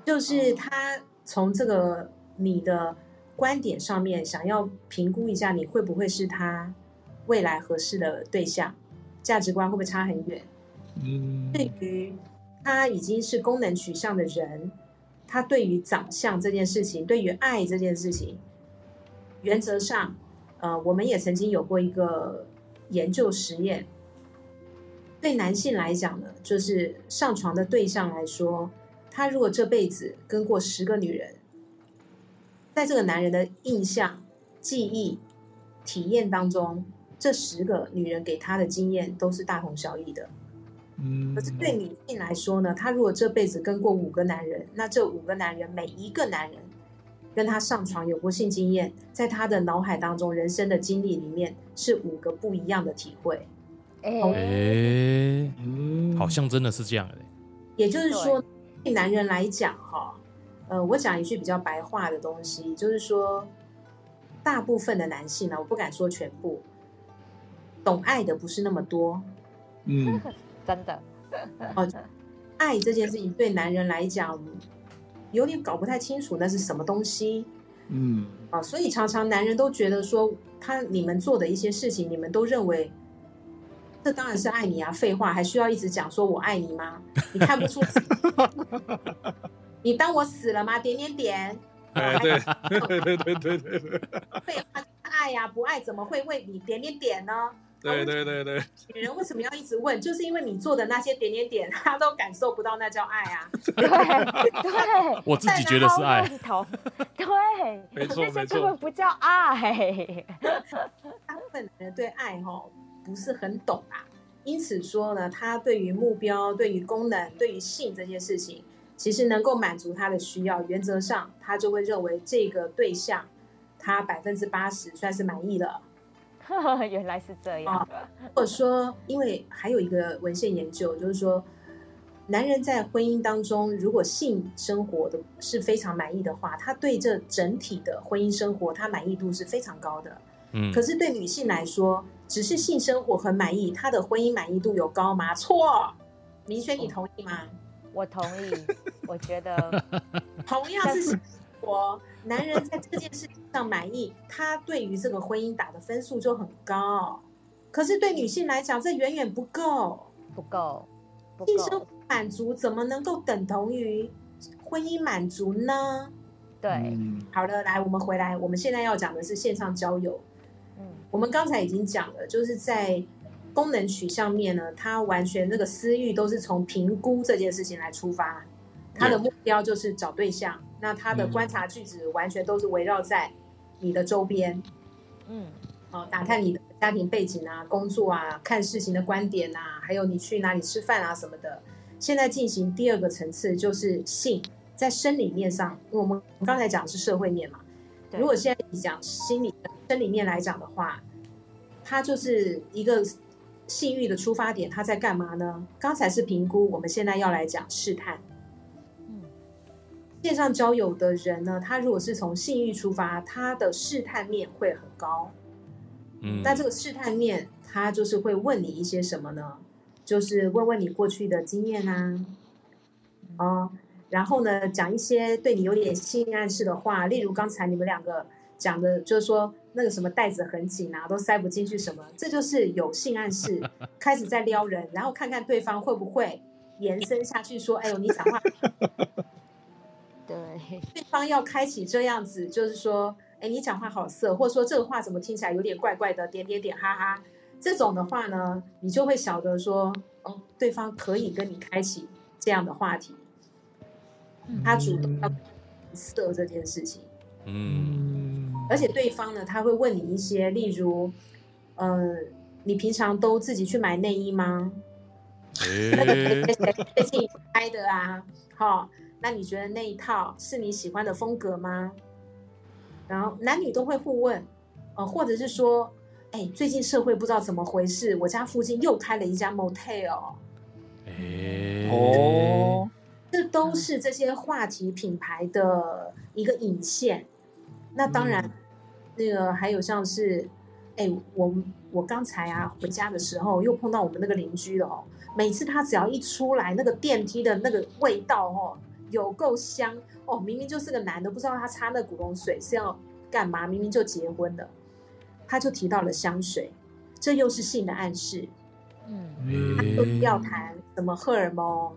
Speaker 4: 就是他從這個你的觀點上面，想要評估一下你會不會是他未來合適的對象，價值觀會不會差很遠？嗯，對於他已經是功能取向的人，他對於長相這件事情，對於愛這件事情，原則上，呃，我們也曾經有過一個研究實驗。對男性來講呢，就是上床的對象來說，他如果這輩子跟過十個女人，在這個男人的印象、記憶、體驗當中，這十個女人給他的經驗都是大同小異的。
Speaker 5: 可
Speaker 4: 是對女性來說呢，她如果這輩子跟過五個男人，那這五個男人每一個男人跟她上床有過性經驗，在她的腦海當中，人生的經歷裡面，是五個不一樣的體會。哎、哦
Speaker 3: 欸，好像真的是這樣嘞、
Speaker 4: 欸。也就是說，對男人來講，哈，呃，我講一句比較白話的東西，就是說，大部分的男性呢，我不敢說全部，懂愛的不是那麼多，
Speaker 5: 嗯，
Speaker 4: 真的、 哦，愛這件事情對男人來講，有點搞不太清楚那是什麼東西，
Speaker 5: 嗯，
Speaker 4: 啊、哦，所以常常男人都覺得說，他你們做的一些事情，你們都認為。這當然是愛你啊！廢話，還需要一直講說我愛你嗎？你看不出， 你當我死了嗎？點點點。
Speaker 5: 啊、對
Speaker 1: 對對對
Speaker 4: 對對，對，對。廢話，愛呀、啊，不愛怎麼會為你點點點呢？
Speaker 1: 對對對對。
Speaker 4: 女、啊、人為什麼要一直問？就是因為你做的那些點點點，她都感受不到，那叫愛啊。
Speaker 2: 對 對。
Speaker 3: 對 我自己覺得是
Speaker 1: 愛。
Speaker 2: 頭。對，沒錯沒錯。根本不叫愛。
Speaker 4: 大部分人對愛，吼。不是很懂啊，因此說呢，他對於目標、對於功能、對於性這些事情，其實能夠滿足他的需要，原則上他就會認為這個對象，他百分之八十算是滿意
Speaker 2: 了。原來是這樣的。哦，
Speaker 4: 或者說，因為還有一個文獻研究，就是說，男人在婚姻當中，如果性生活的是非常滿意的話，他對這整體的婚姻生活，他滿意度是非常高的。
Speaker 1: 嗯，可是
Speaker 4: 對女性來說，只是性生活很滿意，他的婚姻滿意度有高嗎？錯，明軒，你同意嗎？
Speaker 2: 我同意， 我覺得
Speaker 4: 同樣是性
Speaker 2: 生活，男人在這
Speaker 4: 件事情上滿意，他對於這個婚姻打的分數就很高。可是對女性來講，嗯、這遠遠不夠，不夠，不夠。性生活滿足怎麼能夠等同於婚姻滿足呢？對，嗯、好的，來，我們回來，我們現在要講的是線上交友。我們剛才已經講了，就是在功能取向面呢，它完全那個私欲都是從評估這件事情來出發，它的目標就是找對象。那它的觀察句子完全都是圍繞在你的周邊，嗯，哦，打探你的家庭背景啊、工作啊、看事情的觀點啊，還有你去哪裡吃飯啊什麼的。現在進行第二個層次，就是性，在生理面上，因為我們剛才講的是社會面嘛。如果現在你講心理、生理面來講的話，他就是一個性慾的出發點，他在幹嘛呢？剛才是評估，我們現在要來講試探。嗯、線上交友的人呢，他如果是從性慾出發，他的試探面會很高。但、
Speaker 5: 嗯、那這個
Speaker 4: 試探面，他就是會問你一些什麼呢？就是問問你過去的經驗啊，啊、嗯。哦然後呢，講一些對你有點性暗示的話，例如剛才你們兩個講的，就是說那個什麼袋子很緊啊，都塞不進去什麼，這就是有性暗示，開始在撩人，然後看看對方會不會延伸下去說，哎呦，你講話，對，對方要開啟這樣子，就是說，哎，你講話好色，或者說這個話怎麼聽起來有點怪怪的，點點點，哈哈，這種的話呢，你就會曉得說，哦，對方可以跟你開啟這樣的話題。嗯、他主動要色這件事情，嗯，而且對方呢，他會問你一些，例如，呃，你平常都自己去買內衣嗎？
Speaker 5: 欸、
Speaker 4: 最近拍的啊，好、哦，那你覺得那一套是你喜歡的風格嗎？然後男女都會互問，呃、或者是說，哎、欸，最近社會不知道怎麼回事，我家附近又開了一家 motel、欸嗯。哦。這都是這些話題品牌的一個引線。那當然，那個還有像是，哎、欸，我我剛才啊回家的時候又碰到我們那個鄰居了哦。每次他只要一出來，那個電梯的那個味道哦，有夠香哦。明明就是個男的，不知道他擦那古龍水是要幹嘛。明明就結婚的，他就提到了香水，這又是性的暗示。
Speaker 5: 嗯，他都要
Speaker 4: 談什麼荷爾蒙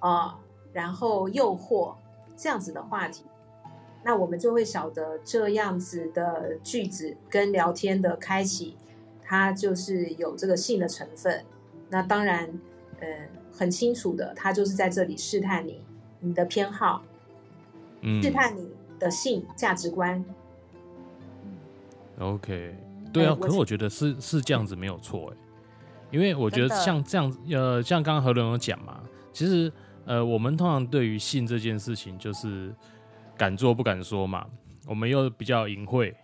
Speaker 4: 啊？呃然後誘惑這樣子的話題，那我們就會曉得這樣子的句子跟聊天的開啟，它就是有這個性的成分。那當然，嗯、呃，很清楚的，他就是在這裡試探你，你的偏好，嗯，試探你的性價值觀。
Speaker 3: OK，對啊，欸，可是我覺得是是這樣子沒有錯。因為我覺得像這樣，呃，像剛剛和龍有講嘛，其實。呃，我們通常對於性這件事情，就是敢做不敢說嘛，我們又比較隱晦，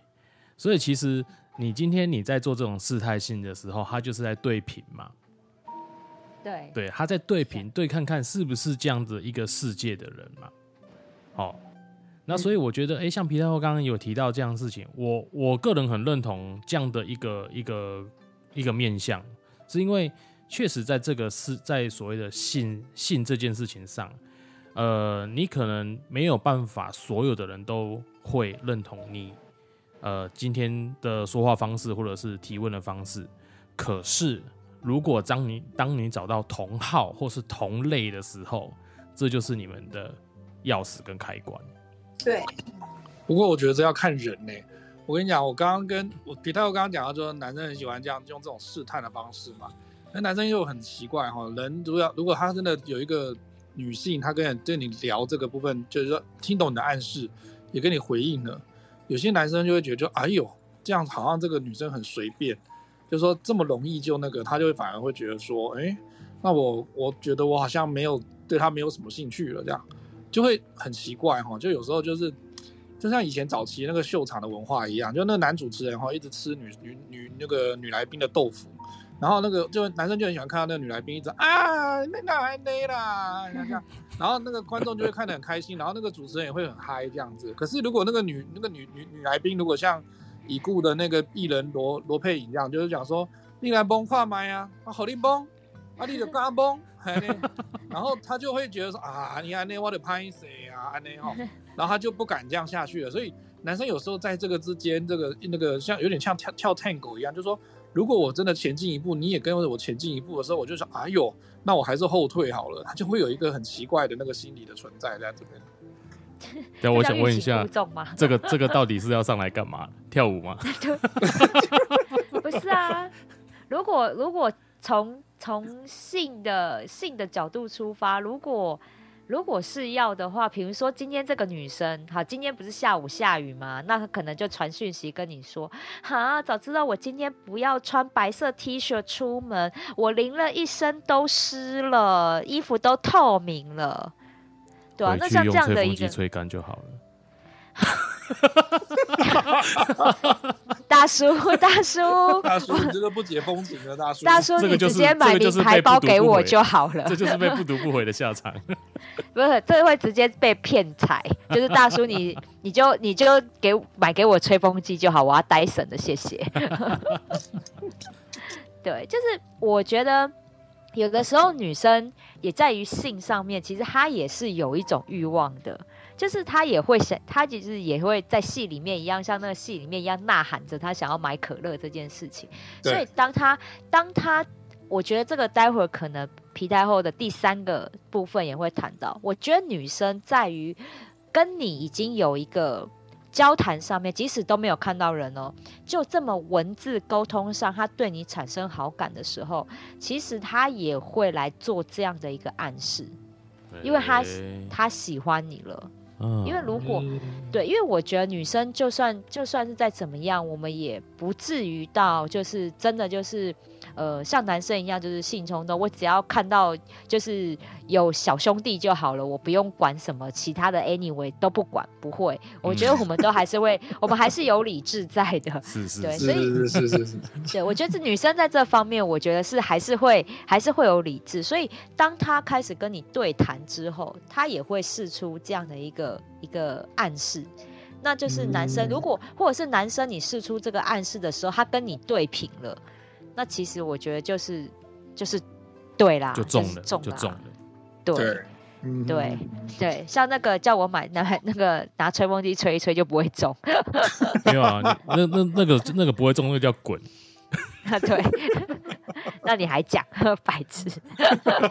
Speaker 3: 所以其實你今天你在做這種試探性的時候，他就是在對品嘛，
Speaker 5: 對
Speaker 3: 對，他在對品，對看看是不是這樣的一個世界的人嘛。好、哦，那所以我覺得，哎、欸，像皮太后剛剛有提到這樣的事情，我我個人很認同這樣的一個一個一個面向，是因為。確實，在這個是，在所謂的性性這件事情上，呃，你可能沒有辦法所有的人都會認同你，呃，今天的說話方式或者是提問的方式。可是，如果當你當你找到同好或是同類的時候，這就是你們的鑰匙跟開關。對。不過，我覺得這要看
Speaker 1: 人呢、欸。我跟你講，我剛剛跟我皮太後，我剛剛講到說，男生很喜歡這樣用這種試探的方式嘛。那男生又很奇怪哈、哦，人如果如果他真的有一個女性他跟你，她跟對你聊這個部分，就是說聽懂你的暗示，也跟你回應了，有些男生就會覺得就，哎呦，這樣好像這個女生很隨便，就說這麼容易就那個，他就會反而會覺得說，哎，那我我覺得我好像沒有對她沒有什麼興趣了，這樣就會很奇怪哈、哦，就有時候就是就像以前早期那個秀場的文化一樣，就那個男主持人哈、哦，一直吃女女女那個女來賓的豆腐。然後那個就男生就很喜歡看到那個女來賓一直啊，那那還那啦，然後那個觀眾就會看得很開心，然後那個主持人也會很嗨這樣子。可是如果那個女那個女女女來賓如果像已故的那個藝人羅羅佩穎一樣，就是講說，你來崩話麥啊，好力崩，阿力的嘎崩，然後他就會覺得說，啊，你還那我的拍誰啊，安內吼，然後他就不敢這樣下去了。所以男生有時候在這個之間，這個那個像有點像跳跳探戈一樣，就是說。如果我真的前進一步，你也跟着我前進一步的時候，我就想：“哎呦，那我還是後退好了。”他就會有一個很奇怪的那個心理的存在在這邊。但 我想問一下， 這個這個到底
Speaker 3: 是要上來幹嘛？ 跳舞嗎？
Speaker 2: 不是啊。如果如果從從性的性的角度出發，如果。如果是要的話，比如說今天這個女生，好，今天不是下午下雨嗎？那她可能就傳訊息跟你說，哈，早知道我今天不要穿白色 T 恤出門，我淋了一身都濕了，衣服都透明了。對啊，那像這
Speaker 3: 樣的一個。
Speaker 2: 大叔，大叔， 大叔，你這
Speaker 1: 個不解風情的大叔，大叔、
Speaker 2: 這個就是，你直接買名牌包不不給我就好了，這個、就是被不讀
Speaker 3: 不回的下場。
Speaker 2: 不是，這個、會直接被騙財。就是大叔，你你就你就給買給我吹風機就好，我要 Dyson 的，謝謝。 對，就是我覺得有的時候女生也在於性上面，其實她也是有一種欲望的。就是他也會想，他其實也會在戲裡面一樣，像那個戲裡面一樣吶喊着，他想要買可樂這件事情。所以，當他，當他，我覺得這個待會兒可能皮太後的第三個部分也會談到。我覺得女生在於跟你已經有一個交談上面，即使都沒有看到人哦，就這麼文字溝通上，他對你產生好感的時候，其實他也會來做這樣的一個暗示，因為他、哎、他喜歡你了。因為如果、嗯、對，因為我覺得女生就算，就算是再怎麼樣，我們也不至於到就是真的就是。呃，像男生一樣就是性衝動，我只要看到就是有小兄弟就好了，我不用管什麼其他的，anyway 都不管，不會。我覺得我們都還是會， 我們還是有理智在的。是 是是是是是對，是是是是是 對我覺得這女生在這方面，我覺得是還是會還是會有理智。所以，當他開始跟你對談之後，他也會釋出這樣的一個一個暗示，那就是男生、嗯、如果或者是男生你釋出這個暗示的時候，他跟你對平了。那其實我覺得就是，就是對啦，就中了，就是、中了，就中了，對、嗯，
Speaker 3: 對，
Speaker 2: 對，像那個叫我買男，那個拿吹風機吹一吹就不會中。
Speaker 3: 沒有啊，那那那個那個不會中滾，那個叫滾。
Speaker 2: 那對，那你還講白痴？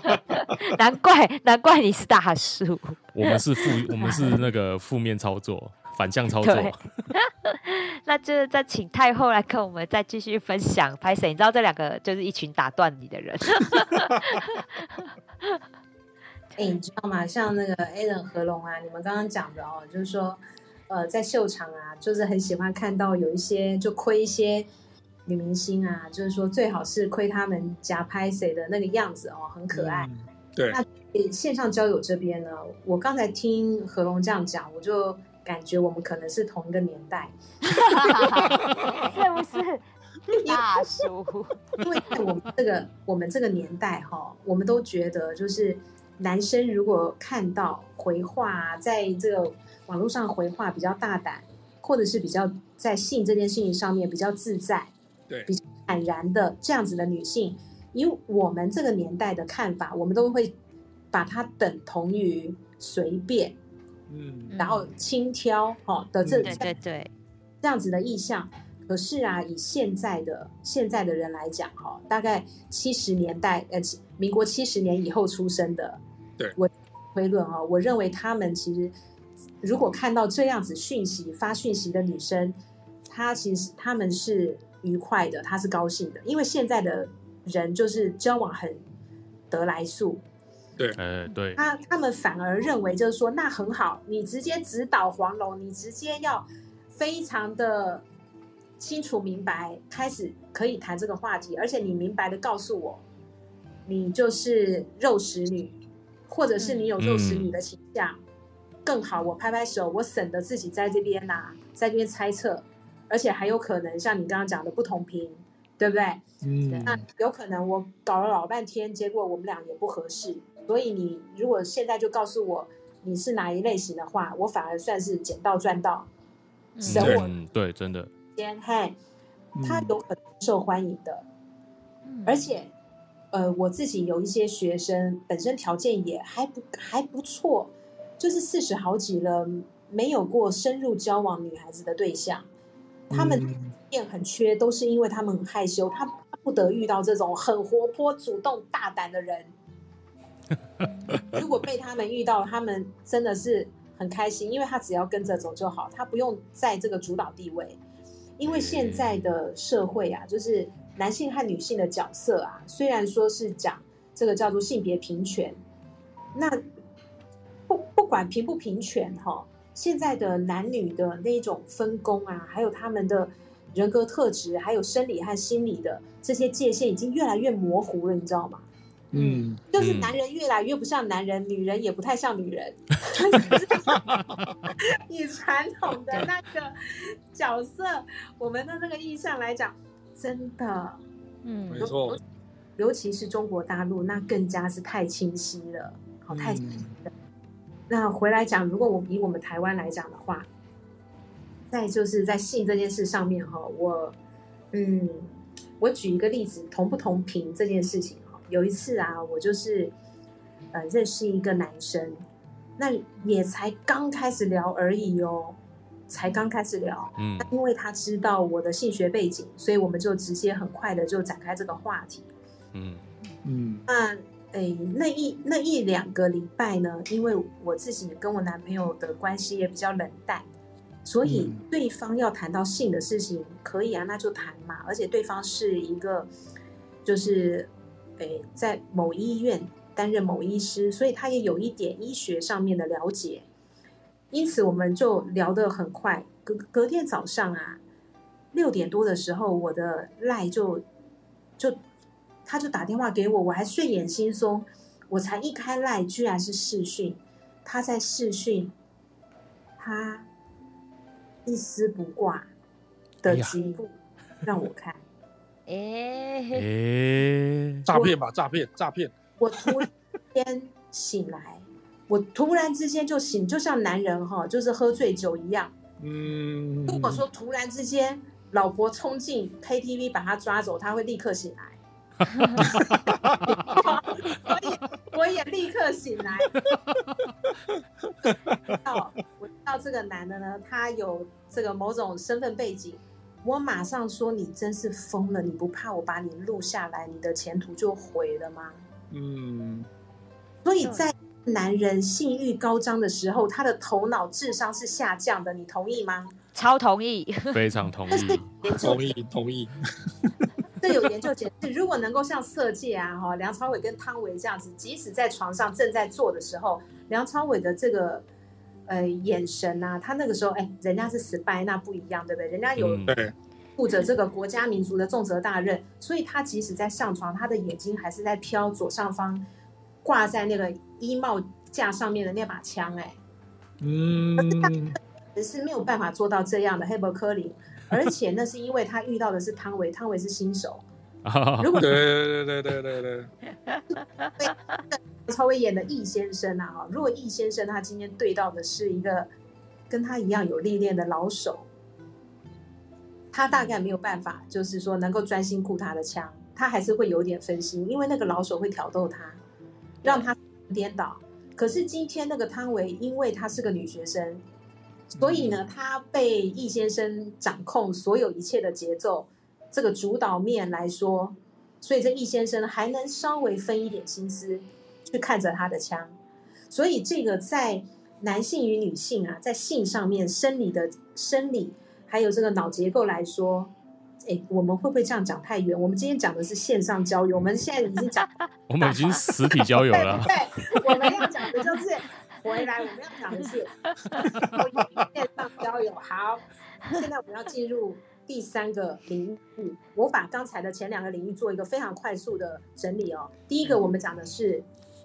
Speaker 2: 難怪難怪你是大樹。我們是負，我們是那
Speaker 3: 個負面操作。反向操作
Speaker 2: 對， 那就是再請太後來跟我們再繼續分享拍謝。你知道這兩個就是一群打斷你的人。哎、 欸，你知道嗎？
Speaker 4: 像那個 Alan 和龍啊，你們剛剛講的哦、喔，就是說，呃，在秀場啊，就是很喜歡看到有一些就虧一些女明星啊，就是說最好是虧他們假拍謝的那個樣子哦、喔，很可愛。嗯、
Speaker 5: 對。那
Speaker 4: 對線上交友這邊呢，我剛才聽和龍這樣講、嗯，我就。感覺我們可能是同一個年代
Speaker 2: 是不是 大叔
Speaker 4: 因為我們這個我們這個年代哈、哦，我們都覺得就是男生如果看到回話、啊，在這個網絡上回話比較大膽，或者是比較在性這件事情上面比較自在，對，比較坦然的這樣子的女性，以我們這個年代的看法，我們都會把它等同於隨便。嗯，然後輕挑哦的這，嗯、對對，對這樣子的意向。可是啊，以現在的現在的人來講哦，大概七十年代呃，民國七十年以後出生的，對，我推論哦，我認為他們其實如果看到這樣子訊息發訊息的女生，她其實他們是愉快的，她是高興的，因為現在的人就是交往很得來速。對、呃，對，他他們反而認為就是說，那很好，你直接直搗黃龍，你直接要非常的清楚明白，開始可以談這個話題，而且你明白的告訴我，你就是肉食女，或者是你有肉食女的形象，嗯，更好，我拍拍手，我省得自己在這邊啊，在這邊猜測，而且還有可能像你剛剛講的不同頻，對不對？嗯，那有可能我搞了老半天，結果我們倆也不合適。所以你如果現在就告訴我你是哪一類型的話，我反而算是撿到賺到。
Speaker 5: 魂、嗯
Speaker 4: 嗯，對，真的。天海，他有很受歡迎的，嗯、而且呃，我自己有一些學生，本身條件也還不還不錯，就是四十好幾了，沒有過深入交往女孩子的對象，他們經驗很缺，都是因為他們很害羞，他不得遇到這種很活潑、主動、大膽的人。 如果被他們遇到，他們真的是很開心，因為他只要跟着走就好，他不用在這個主導地位。因為現在的社會啊，就是男性和女性的角色啊，雖然說是講這個叫做性別平權，那不，不管平不平權哈，現在的男女的那種分工啊，還有他們的人格特質，還有生理和心理的這些界限，已經越來越模糊了，你知道嗎？嗯，就是男人越來越不像男人，嗯、女人也不太像
Speaker 5: 女人。
Speaker 4: 以傳統的那個角色，嗯、我們的那個印象來講，真的，嗯，沒
Speaker 5: 錯。
Speaker 4: 尤其是中國大陸，那更加是太清晰了，好太清晰了、嗯。那回來講，如果我以我們台灣來講的話，再就是在性這件事上面我，嗯，我舉一個例子，同不同頻這件事情。有一次啊，我就是，呃，認識一個男生，那也才剛開始聊而已哦，才剛開始聊。嗯，因為他知道我的性學背景，所以我們就直接很快的就展開這個話題。嗯嗯，那誒、欸，那一那一兩個禮拜呢，因為我自己跟我男朋友的關係也比較冷淡，所以對方要談到性的事情，可以啊，那就談嘛。而且對方是一個，就是。誒、哎，在某醫院擔任某醫師，所以他也有一點醫學上面的了解，因此我們就聊得很快。隔隔天早上啊，六點多的時候，我的賴就就他就打電話給我，我還睡眼惺忪，我才一開賴，居然是視訊，他在視訊，他一絲不掛的局部、哎、讓我看。
Speaker 1: 哎，詐騙吧，詐騙，詐騙！
Speaker 4: 我突然間醒來， 我突然之間就醒，就像男人哈、哦，就是喝醉酒一樣。嗯，如果說突然之間，老婆衝進 KTV 把他抓走，他會立刻醒來。
Speaker 5: 所
Speaker 4: 以 我，我也立刻醒來。 我知道，我知道這個男的呢，他有這個某種身份背景。我馬上說，你真是瘋了！你不怕我把你錄下來，你的前途就毀了嗎？嗯。所以在男人性慾高漲的時候，他的頭腦智商是下降的，你同意嗎？
Speaker 2: 超同意，
Speaker 4: 非常同意。但是研究同意
Speaker 5: 同意。同
Speaker 4: 意 有研究解釋，如果能夠像色戒啊、梁朝偉跟湯唯這樣子，即使在床上正在做的時候，梁朝偉的這個。呃，眼神啊，他那個時候，哎，人家是 spy，那不一樣，對不對？人家有負着這個國家民族的重責大任，嗯，所以他即使在上床，他的眼睛還是在飄左上方，掛在那個衣帽架上面的那把槍，哎，嗯， 是沒有辦法做到這樣的，黑伯科林，而且那是因為他遇到的是湯唯，湯唯是新手。
Speaker 1: 如果對對對對對對對，呵
Speaker 4: 呵對，超威演的易先生啊，對，如果易先生他今天對到的是一個跟他一樣有歷練的老手，他大概沒有辦法，就是說能夠專心顧他的槍，他還是會有點分心，因為那個老手會挑逗他，讓他顛倒。可是今天那個湯唯，因為她是個女學生，所以呢，她被易先生掌控所有一切的節奏。這個主導面來說，所以這易先生還能稍微分一點心思去看着他的槍，所以這個在男性與女性啊，在性上面生理的生理還有這個腦結構來說，哎，我們會不會這樣講太遠？我們今天講的是線上交友，我們現在已經講，
Speaker 3: 我們已經實體交友了。
Speaker 4: 對，我們要講的就是回來，我們要講的是 線上交友。好，現在我們要進入。第三個領域，我把剛才的前兩個領域做一個非常快速的整理哦。第一個我們講的是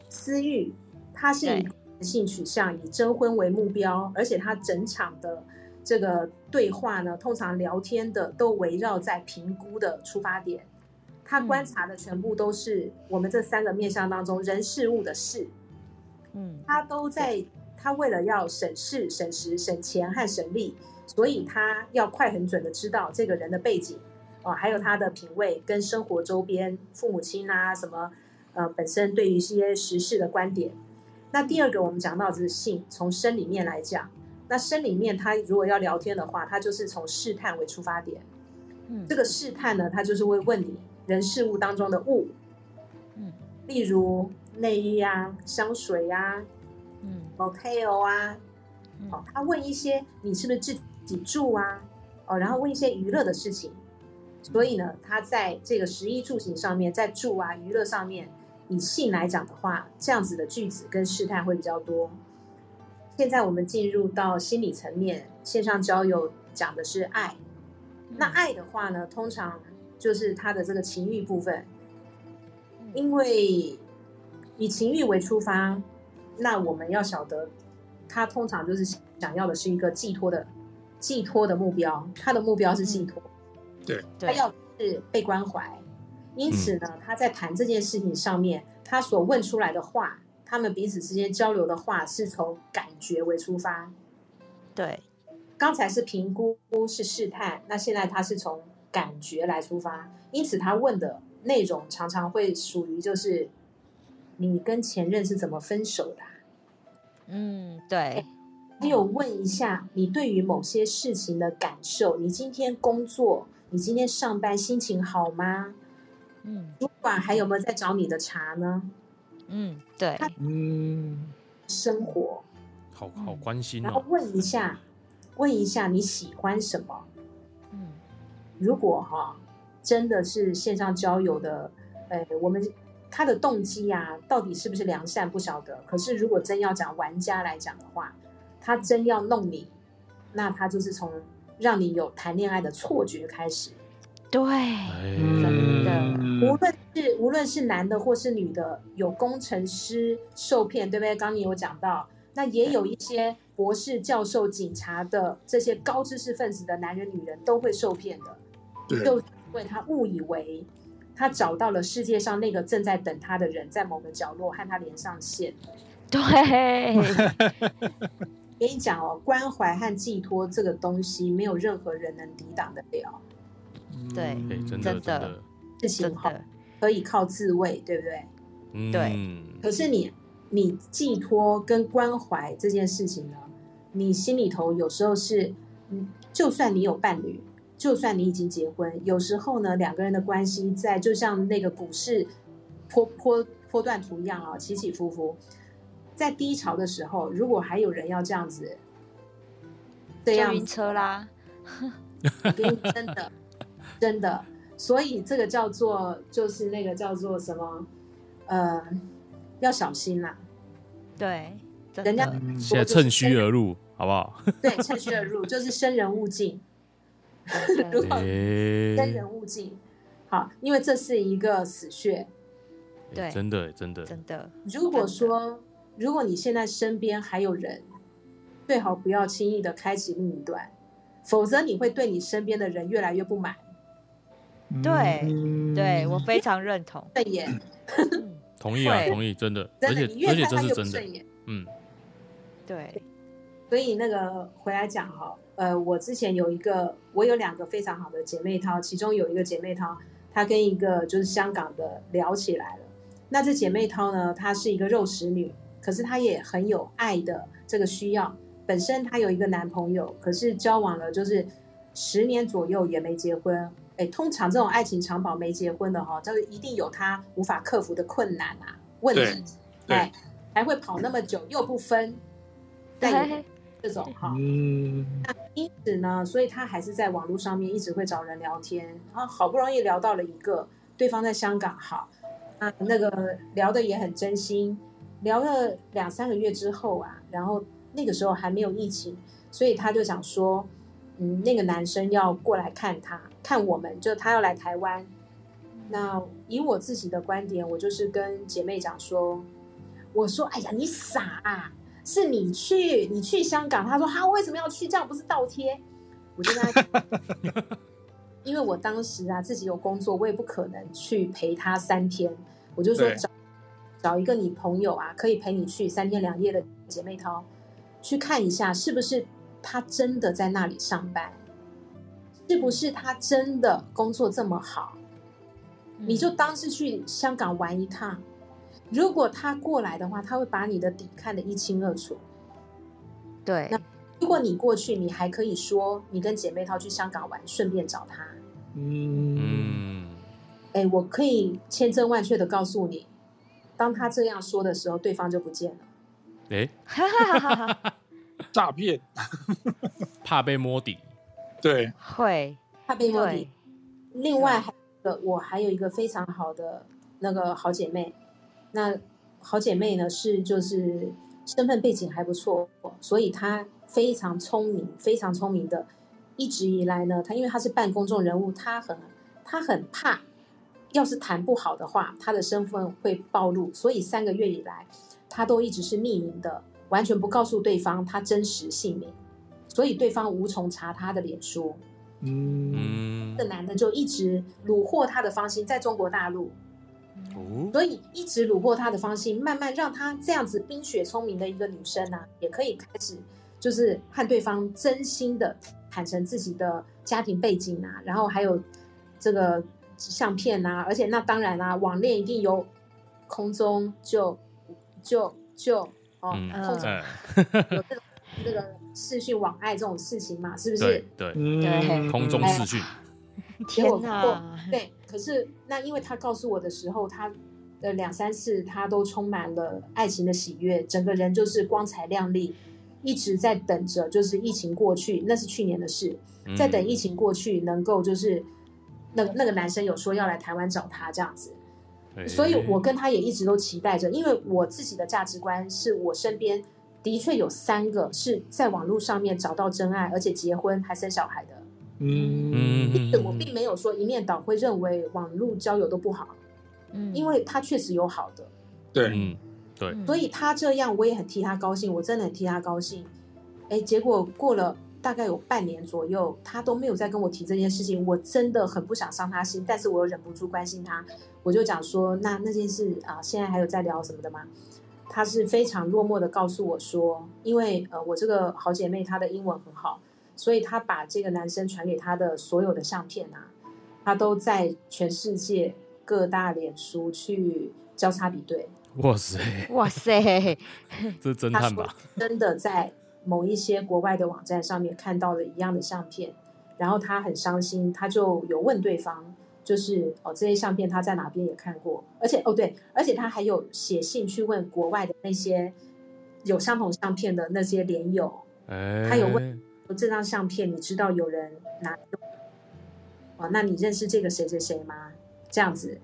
Speaker 4: 私慾，它是以性取向、以徵婚為目標，而且它整場的這個對話呢，通常聊天的都圍繞在評估的出發點，他觀察的全部都是我們這三個面向當中人、事物的事。嗯，他都在他為了要省事、省時、省錢和省力。所以他要快狠準的知道這個人的背景，哦，還有他的品味跟生活周邊，父母親啊什麼，呃，本身對於一些時事的觀點。那第二個我們講到就是性，從生裡面來講，那生裡面他如果要聊天的話，他就是從試探為出發點。嗯，這個試探呢，他就是會問你人事物當中的物，嗯，例如內衣啊、香水啊、嗯，K o 啊、嗯哦，他問一些你是不是自。住啊，哦，然後問一些娛樂的事情，所以呢，他在這個食衣住行上面，在住啊娛樂上面，以性來講的話，這樣子的句子跟試探會比較多。現在我們進入到心理層面，線上交友講的是愛，那愛的話呢，通常就是他的這個情慾部分，因為以情慾為出發，那我們要曉得，他通常就是想要的是一個寄託的。寄託的目標，他的目標是寄託。對、嗯，
Speaker 5: 他要
Speaker 4: 的是被關懷，因此呢，嗯、他在談這件事情上面，他所問出來的話，他們彼此之間交流的話，是從感覺為出發。對，剛才是評估是試探，那現在他是從感覺來出發，因此他問的內容常常會屬於就是，你跟前任是怎麼分手的？
Speaker 2: 啊？
Speaker 4: 嗯，對。欸你有問一下，你對於某些事情的感受，你今天工作，你今天上班心情好嗎？嗯，主管還有沒有在找你的茬呢？嗯，對，嗯，生活，
Speaker 3: 好好關心哦。然後
Speaker 4: 問一下，問一下你喜歡什麼？嗯，如果哈、啊，真的是線上交友的，哎，我們他的動機呀、啊，到底是不是良善不曉得？可是如果真要講玩家來講的話。他真要弄你，那他就是從讓你有談戀愛的錯覺開始。對，
Speaker 5: 嗯、的無
Speaker 4: 論是無論是男的或是女的，有工程師受騙，對不對？剛剛你有講到，那也有一些博士、教授、警察的這些高知識分子的男人、女人，都會受騙的。對，都是因為他誤以為他找到了世界上那個正在等他的人，在某個角落和他連上線。對。 跟你講哦，關懷和寄托這個東西，沒有任何人能抵擋得了。嗯。
Speaker 2: 對，真的真
Speaker 4: 的，是很可以靠自慰，對不對？
Speaker 2: 對。
Speaker 4: 可是你，你寄托跟關懷這件事情呢，你心裡頭有時候是，就算你有伴侶，就算你已經結婚，有時候呢，兩個人的關係在就像那個股市波波波、波段圖一樣啊，哦，起起伏伏。在低潮的時候，如果還有人要這樣子，
Speaker 2: 這樣子，這樣
Speaker 4: 暈車啦，真的 真的，所以這個叫做就是那個叫做什麼，呃，要小心啦。對，人家
Speaker 3: 現在趁虛而入，好不好？
Speaker 4: 對，趁虛而入 就是生人勿近。對
Speaker 3: 對對，如果，欸、生人
Speaker 4: 勿近。好，因為這是一個死穴。對，真的真的真的。如果說。如果你現在身邊還有人，最好不要輕易的開啟另一端，否則你會對你身邊的人越來越不滿。嗯、
Speaker 2: 對，嗯、對我
Speaker 4: 非常認同。順、嗯、眼， 同意啊，同意，真的，對真的，而且，你
Speaker 5: 越看而且這是真的。嗯，
Speaker 4: 對。所以那個回來講哈、哦，呃，我之前有一個，我有兩個非常好的姐妹淘，其中有一個姐妹淘，她跟一個就是香港的聊起來了。那這姐妹淘呢，她是一個肉食女。可是她也很有愛的這個需要，本身她有一個男朋友，可是交往了就是十年左右也沒結婚。哎、欸，通常這種愛情長跑沒結婚的哈、哦，就是一定有他無法克服的困難啊，問題，哎，還會跑那麼久又不分，對，但也這種哈、
Speaker 5: 哦。
Speaker 4: 嗯。因此呢，所以他還是在網絡上面一直會找人聊天。啊，好不容易聊到了一個，對方在香港，哈、啊，那個聊得也很真心。聊了兩三個月之後啊，然後那個時候還沒有疫情，所以他就想說，嗯，那個男生要過來看他看我們，就他要來台灣。那以我自己的觀點，我就是跟姐妹講說，我說，哎呀，你傻啊，是你去，你去香港。他說，他、啊、為什麼要去？這樣不是倒貼？我就跟他講， 因為我當時啊，自己有工作，我也不可能去陪他三天。我就說找。找一個你朋友，啊，可以陪你去三天兩夜的姐妹淘，去看一下是不是他真的在那裡上班，是不是他真的工作這麼好？嗯、你就當是去香港玩一趟。如果他過來的話，他會把你的底看得一清二楚。對。那如果你過去，你還可以說你跟姐妹淘去香港玩，順便找他。嗯。哎、欸，我可以千真萬確的告訴你。當他這樣說的時候，對方就不見了。哎，
Speaker 5: 哈哈哈哈哈
Speaker 3: 哈！詐騙，怕被摸底，對，
Speaker 4: 會怕被摸底。另外還、啊，我還有一個非常好的那個好姐妹，那好姐妹呢是就是身份背景還不錯，所以她非常聰明，非常聰明的。一直以來呢，她因為她是半公眾人物，她很她很怕，要是談不好的話，他的身份會暴露，所以三個月以來，他都一直是匿名的，完全不告訴對方他真實姓名，所以對方無從查他的臉書。嗯，這個男的就一直虜獲他的芳心，在中國大陸，所以一直虜獲他的芳心，慢慢讓他這樣子冰雪聰明的一個女生呢、啊，也可以開始就是和對方真心的坦誠自己的家庭背景啊，然後還有這個。相片啊，而且那當然啦、啊，網戀一定有空中就就就哦，嗯、空、哎、有這個 這個視訊網愛這種事情嘛，是不是？
Speaker 5: 對對、嗯，空中視訊、
Speaker 4: 哎。天哪、欸我我！對，可是那因為他告訴我的時候，他的兩三次他都充滿了愛情的喜悅，整個人就是光彩亮麗，一直在等着，就是疫情過去，那是去年的事，在、嗯、等疫情過去能夠就是。那個那個男生有說要來台灣找他這樣子，所以我跟他也一直都期待着，因為我自己的價值觀是我身邊的確有三個是在網絡上面找到真愛，而且結婚還生小孩的，嗯，嗯，我並沒有說一面倒會認為網絡交友都不好，嗯，因為他確實有好的，
Speaker 5: 對，對，所
Speaker 4: 以他這樣我也很替他高興，我真的很替他高興，誒，結果過了。大概有半年左右，他都沒有再跟我提這件事情。我真的很不想傷他心，但是我又忍不住關心他，我就講說，那那件事啊、呃，現在還有在聊什麼的嗎？他是非常落寞的告訴我說，因為呃，我這個好姐妹她的英文很好，所以她把這個男生傳給她的所有的相片啊，她都在全世界各大臉書去交叉比對。
Speaker 3: 哇塞！
Speaker 4: 哇塞！ 這是偵探吧？真的在。某一些國外的網站上面看到了一樣的相片，然後他很傷心，他就有問對方，就是哦這些相片他在哪邊也看過，而且哦對，而且他還有寫信去問國外的那些有相同相片的那些連友、
Speaker 5: 哎，他有問
Speaker 4: 說這張相片你知道有人拿，哦那你認識這個誰誰誰嗎？這樣子，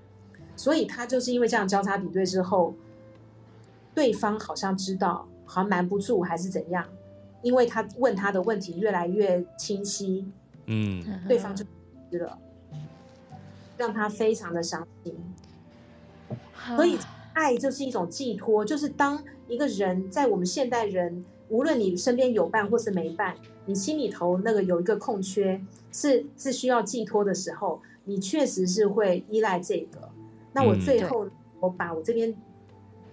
Speaker 4: 所以他就是因為這樣交叉比對之後，對方好像知道，好像瞞不住還是怎樣。因為他問他的問題越來越清晰，嗯，
Speaker 5: 對
Speaker 4: 方就知了，讓他非常的傷心，嗯。所以愛就是一種寄托，就是當一個人在我們現代人，無論你身邊有伴或是沒伴，你心裡頭那個有一個空缺，是是需要寄托的時候，你確實是會依賴這個。
Speaker 1: 那我最後，
Speaker 4: 嗯，我把我這邊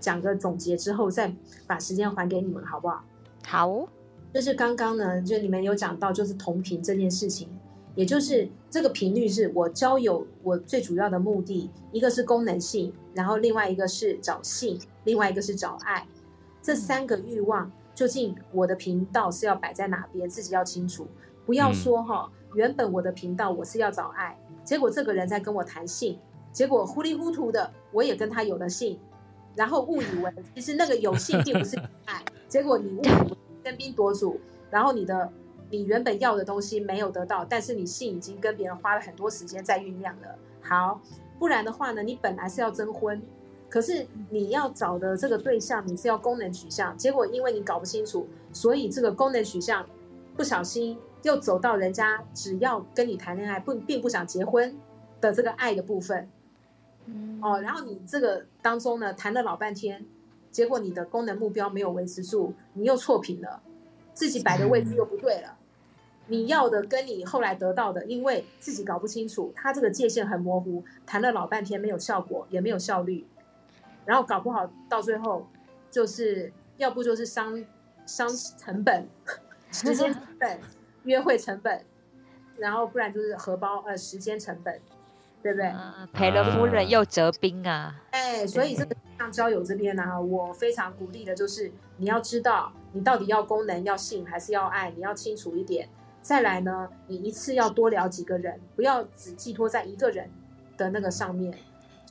Speaker 4: 講個總結之後，再把時間還給你們，好不好？好。就是剛剛呢，就裡面有講到，就是同頻這件事情，也就是這個頻率是我交友我最主要的目的，一個是功能性，然後另外一個是找性，另外一個是找愛，這三個慾望究竟我的頻道是要擺在哪邊，自己要清楚，不要說哈、哦，原本我的頻道我是要找愛，結果這個人在跟我談性，結果糊裡糊塗的我也跟他有了性，然後誤以為其實那個有性並不是愛， 結果你誤以為。喧賓奪主，然後你的你原本要的東西沒有得到，但是你性已經跟別人花了很多時間在醞釀了。好，不然的話呢，你本來是要徵婚，可是你要找的這個對象你是要功能取向，結果因為你搞不清楚，所以這個功能取向不小心又走到人家只要跟你談戀愛不並不想結婚的這個愛的部分。嗯。哦，然後你這個當中呢，談了老半天。結果你的功能目標沒有維持住，你又錯評了，自己擺的位置又不對了，你要的跟你後來得到的，因為自己搞不清楚，他這個界限很模糊，談了老半天沒有效果，也沒有效率，然後搞不好到最後就是要不就是商商成本、時間成本、約會成本，然後不然就是荷包呃時間成本。對不對？啊，賠
Speaker 2: 了夫人又折兵啊！
Speaker 4: 哎，所以這個線上交友這邊呢、啊，我非常鼓勵的就是，你要知道你到底要功能、要性還是要愛，你要清楚一點。再來呢，你一次要多聊幾個人，不要只寄托在一個人的那個上面。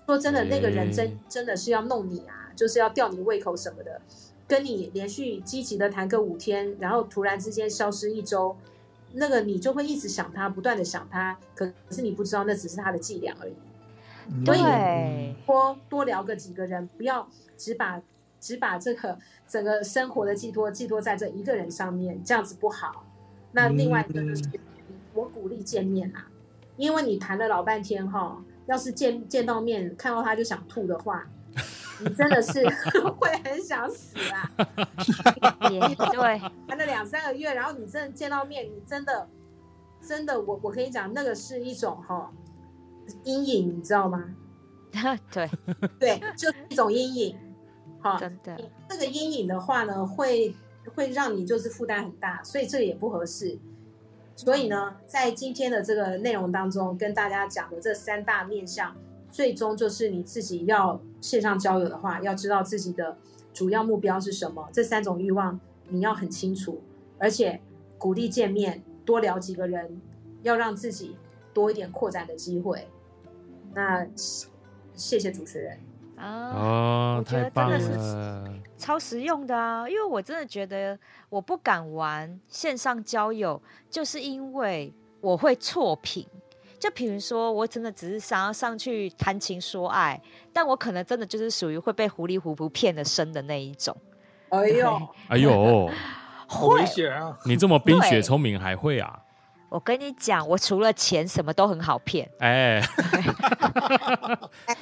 Speaker 4: 說真的，那個人真真的是要弄你啊，就是要吊你胃口什麼的，跟你連續積極的談個五天，然後突然之間消失一周。那個你就會一直想他，不斷地想他，可是你不知道那只是他的伎倆而已。所以多多聊個幾個人，不要只把只把這個整個生活的寄託寄託在這一個人上面，這樣子不好。那另外一個就是，嗯、我鼓勵見面啊，因為你談了老半天哈、哦，要是見見到面看到他就想吐的話。 你真的是會很想
Speaker 5: 死啊！
Speaker 4: 對，玩了兩三個月，然後你真的見到面，你真的，真的，我我可以講，那個是一種哈、哦、陰影，你知道嗎？
Speaker 2: 對對，
Speaker 4: 就是一種陰影。好、 哦，這、那個陰影的話呢，會會讓你就是負擔很大，所以這個也不合適、嗯。所以呢，在今天的這個內容當中，跟大家講的這三大面相，最終就是你自己要。線上交友的話，要知道自己的主要目標是什麼，這三種慾望你要很清楚，而且鼓勵見面，多聊幾個人，要讓自己多一點擴展的機會。那謝謝主持人
Speaker 2: 啊，哦、我覺得真的是超實用的啊，哦、太棒了。超實用的啊，因為我真的覺得我不敢玩線上交友，就是因為我會錯品。就譬如說，我真的只是想要上去談情說愛，但我可能真的就是屬於會被狐狸糊不騙的深的那一種。哎呦，
Speaker 3: 哎呦，
Speaker 1: 會？
Speaker 2: 啊、
Speaker 3: 你這麼冰雪聰明還會啊？
Speaker 2: 我跟你講，我除了錢什麼都很好騙。哎，哎， 哎，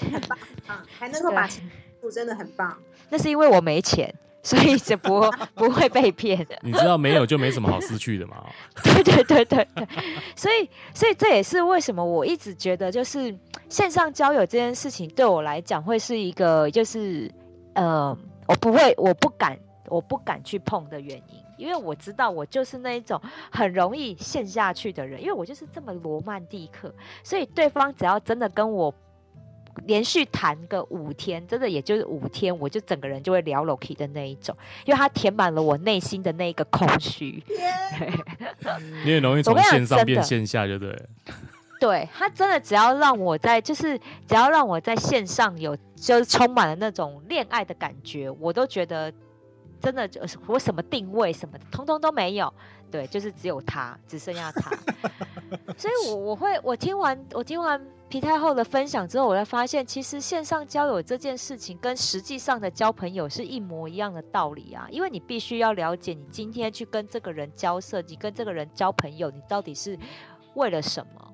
Speaker 2: 很棒，啊、還能夠把錢
Speaker 4: 騙，真的很棒。
Speaker 2: 那是因為我沒錢。所以就不 不會被騙的。你知道沒有
Speaker 3: 就沒什麼好失去的嘛， 。
Speaker 2: 對對對對對， 所以所以這也是為什麼我一直覺得就是線上交友這件事情對我來講會是一個就是呃，我不會我不敢，我不敢去碰的原因，因為我知道我就是那一種很容易陷下去的人，因為我就是這麼羅曼蒂克，所以對方只要真的跟我。連續談個五天，真的也就是五天，我就整個人就會聊 Loki 的那一種，因為他填滿了我內心的那一個空虛。
Speaker 3: Yeah. 你很容易從線上變線下，就對。
Speaker 2: 對他真的只要讓我在，就是只要讓我在線上有，就是充滿了那種戀愛的感覺，我都覺得真的就是我什麼定位什麼的，通通都沒有。對，就是只有他，只剩下他。 所以我，我我會我聽完我聽完皮太後的分享之後，我才發現，其實線上交友這件事情跟實際上的交朋友是一模一樣的道理啊。因為你必須要了解，你今天去跟這個人交涉，你跟這個人交朋友，你到底是為了什麼？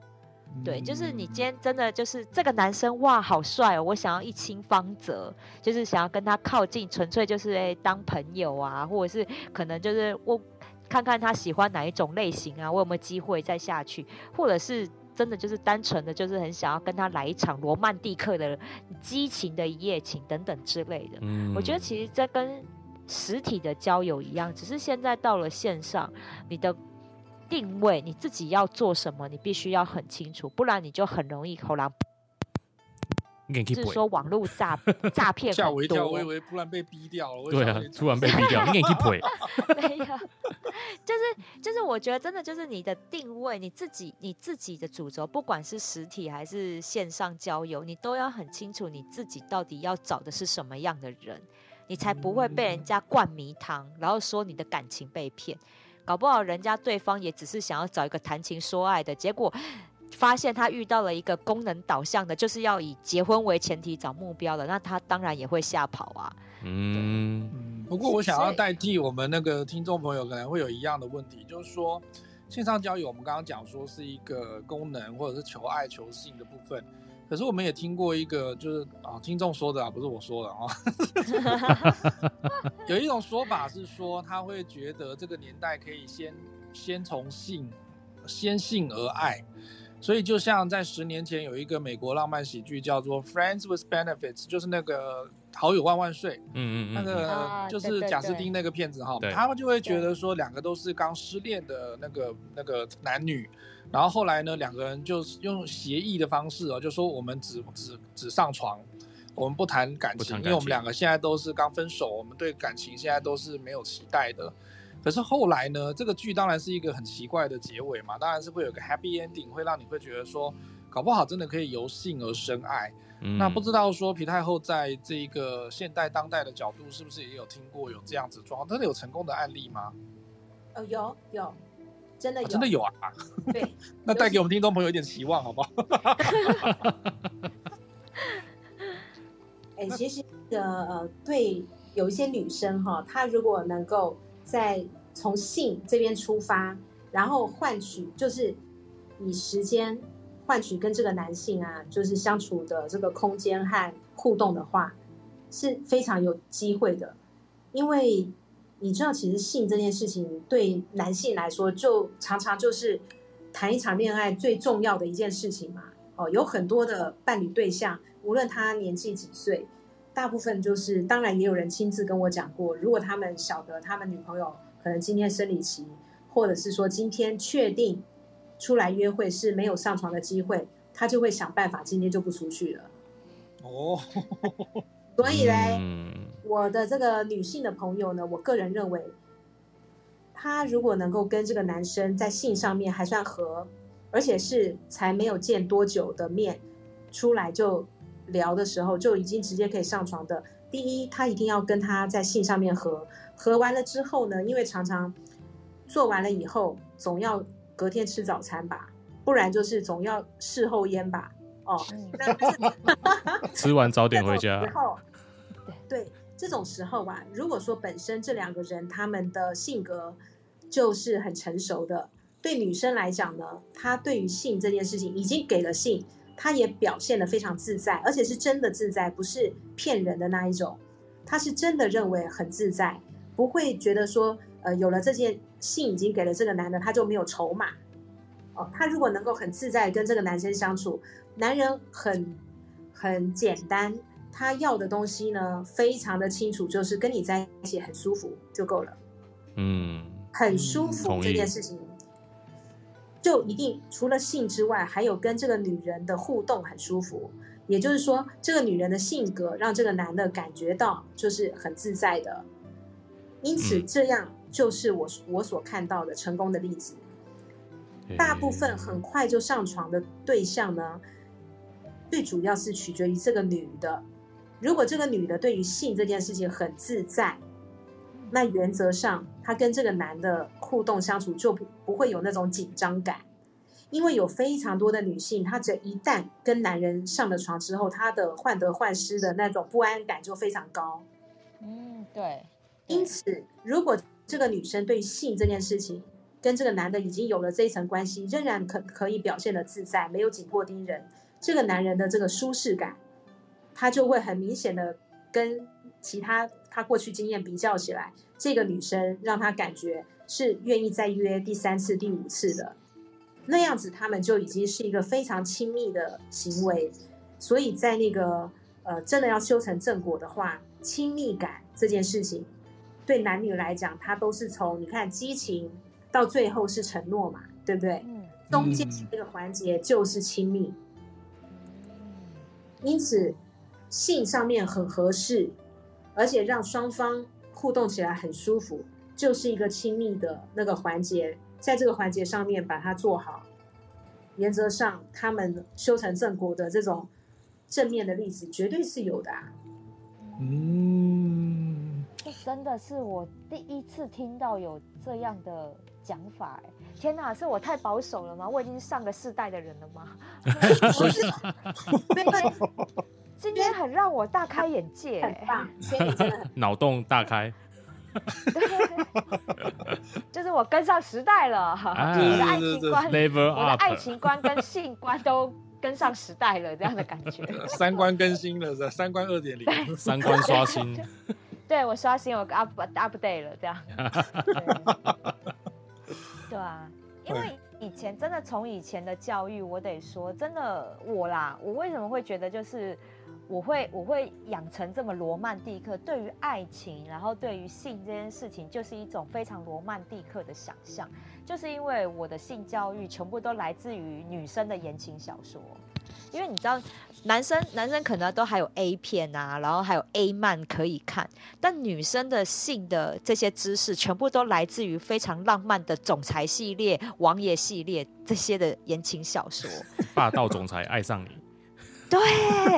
Speaker 2: 嗯、對，就是你今天真的就是這個男生哇，好帥哦，我想要一親芳澤，就是想要跟他靠近，純粹就是、欸、當朋友啊，或者是可能就是我。看看他喜歡哪一種類型啊，我有，有沒有機會再下去，或者是真的就是單純的，就是很想要跟他來一場羅曼蒂克的激情的一夜情等等之類的。嗯，我覺得其實這跟實體的交友一樣，只是現在到了線上，你的定位你自己要做什麼，你必須要很清楚，不然你就很容易口浪。就是說網絡
Speaker 1: 詐詐騙，嚇我一跳，我以為突然被逼掉了。哦、對啊，突然被逼掉你給去懟。 沒有，就
Speaker 2: 是就是，我覺得真的就是你的定位，你自己你自己的主軸，不管是實體還是線上交友，你都要很清楚你自己到底要找的是什麼樣的人，你才不會被人家灌迷湯，然後說你的感情被騙，搞不好人家對方也只是想要找一個談情說愛的，結果。發現他遇到了一個功能導向的就是要以結婚為前提找目標的。那他當然也會嚇跑啊，嗯。
Speaker 1: 嗯，不過我想要代替我們那個聽眾朋友，可能會有一樣的問題，是不是？就是說線上交友，我們剛剛講說是一個功能或者是求愛求性的部分，可是我們也聽過一個，就是啊，聽眾說的啊，不是我說的啊， 有一種說法是說他會覺得這個年代可以先先從性先性而愛。所以，就像在十年前有一個美國浪漫喜劇叫做《Friends with Benefits》，就是那個好友萬萬歲，嗯嗯嗯，那個就是賈斯汀那個片子哈，他們就會覺得說兩個都是剛失戀的那個那個男女，然後後來呢，兩個人就用協議的方式哦，就說我們只只只上床，我們不談感,感情，因為我們兩個現在都是剛分手，我們對感情現在都是沒有期待的。可是後來呢？這個劇當然是一個很奇怪的結尾嘛，當然是會有個 happy ending，會讓你會覺得說，搞不好真的可以由性而生愛。嗯。那不知道說皮太後在這個現代當代的角度，是不是也有聽過有這樣子狀況？真的有成功的案例嗎？
Speaker 4: 哦，有有，真的有啊。真的有啊。對，
Speaker 1: 那帶給我們聽眾朋友一點期望，好不好？哎， 欸，其
Speaker 4: 實的呃，對，有一些女生哈，她如果能夠。在從性這邊出發，然後換取就是以時間換取跟這個男性啊，就是相處的這個空間和互動的話，是非常有機會的。因為你知道，其實性這件事情對男性來說，就常常就是談一場戀愛最重要的一件事情嘛。哦，有很多的伴侶對象，無論他年紀幾歲。大部分就是，當然也有人親自跟我講過，如果他們曉得他們女朋友可能今天生理期，或者是說今天確定出來約會是沒有上床的機會，他就會想辦法今天就不出去了。哦， 所以嘞，我的這個女性的朋友呢，我個人認為，他如果能夠跟這個男生在性上面還算合，而且是才沒有見多久的面，出來就。聊的時候就已經直接可以上床的。第一，他一定要跟他在性上面合，合完了之後呢，因為常常做完了以後，總要隔天吃早餐吧，不然就是總要事後煙吧。哦，
Speaker 3: 吃完早點回
Speaker 5: 家。 這啊、對，
Speaker 4: 對這種時候啊，如果說本身這兩個人他們的性格就是很成熟的，對女生來講呢，她對於性這件事情已經給了性。他也表現得非常自在，而且是真的自在，不是騙人的那一種。他是真的認為很自在，不會覺得說，呃，有了這件信已經給了這個男的，他就沒有籌碼。哦，他如果能夠很自在跟這個男生相處，男人很很簡單，他要的東西呢，非常的清楚，就是跟你在一起很舒服就夠了。
Speaker 5: 嗯，很舒服這件事
Speaker 4: 情。就一定除了性之外，還有跟這個女人的互動很舒服。也就是說，這個女人的性格讓這個男的感覺到就是很自在的。因此，這樣就是我我所看到的成功的例子。
Speaker 5: 大
Speaker 4: 部分很快就上床的對象呢，最主要是取決於這個女的。如果這個女的對於性這件事情很自在。那原則上，她跟這個男的互動相處就不，不會有那種緊張感，因為有非常多的女性，她只一旦跟男人上了床之後，她的患得患失的那種不安感就非常高。嗯，
Speaker 2: 對。對。
Speaker 4: 因此，如果這個女生對性這件事情跟這個男的已經有了這一層關係，仍然可可以表現得自在，沒有緊迫盯人，這個男人的這個舒適感，他就會很明顯的跟。其他他過去經驗比較起來，這個女生讓他感覺是願意再約第三次、第五次的，那樣子他們就已經是一個非常親密的行為。所以在那個呃，真的要修成正果的話，親密感這件事情對男女來講，它都是從你看激情到最後是承諾嘛，對不對？中間這個環節就是親密。因此，性上面很合適。而且讓雙方互動起來很舒服，就是一個親密的那個環節，在這個環節上面把它做好，原則上他們修成正果的這種正面的例子絕對是有的啊。嗯，
Speaker 2: 這真的是我第一次聽到有這樣的講法，天哪，是我太保守了嗎？我已經是上個世代的人了嗎？哈哈今天很讓我大開眼界、欸，
Speaker 3: 腦、嗯、 洞大開 對，
Speaker 2: 就是我跟上時代了，啊就是、我的愛情觀是是是、我的愛情觀跟性觀都跟上時代了， 這樣的感覺。
Speaker 1: 三觀更新了，三觀二點零，三觀刷新。
Speaker 2: 對我刷新，我 up up d a e 了，這樣對。對啊，因為以前真的從以前的教育，我得說，真的我啦，我為什麼會覺得就是。我會我會養成這麼羅曼蒂克，對於愛情，然後對於性這件事情，就是一種非常羅曼蒂克的想象，就是因為我的性教育全部都來自於女生的言情小說，因為你知道，男生男生可能都還有 A 片啊，然後還有 A 漫可以看，但女生的性的這些知識全部都來自於非常浪漫的總裁系列、王爺系列這些的言情小說，
Speaker 3: 霸道總裁愛上你。
Speaker 2: 對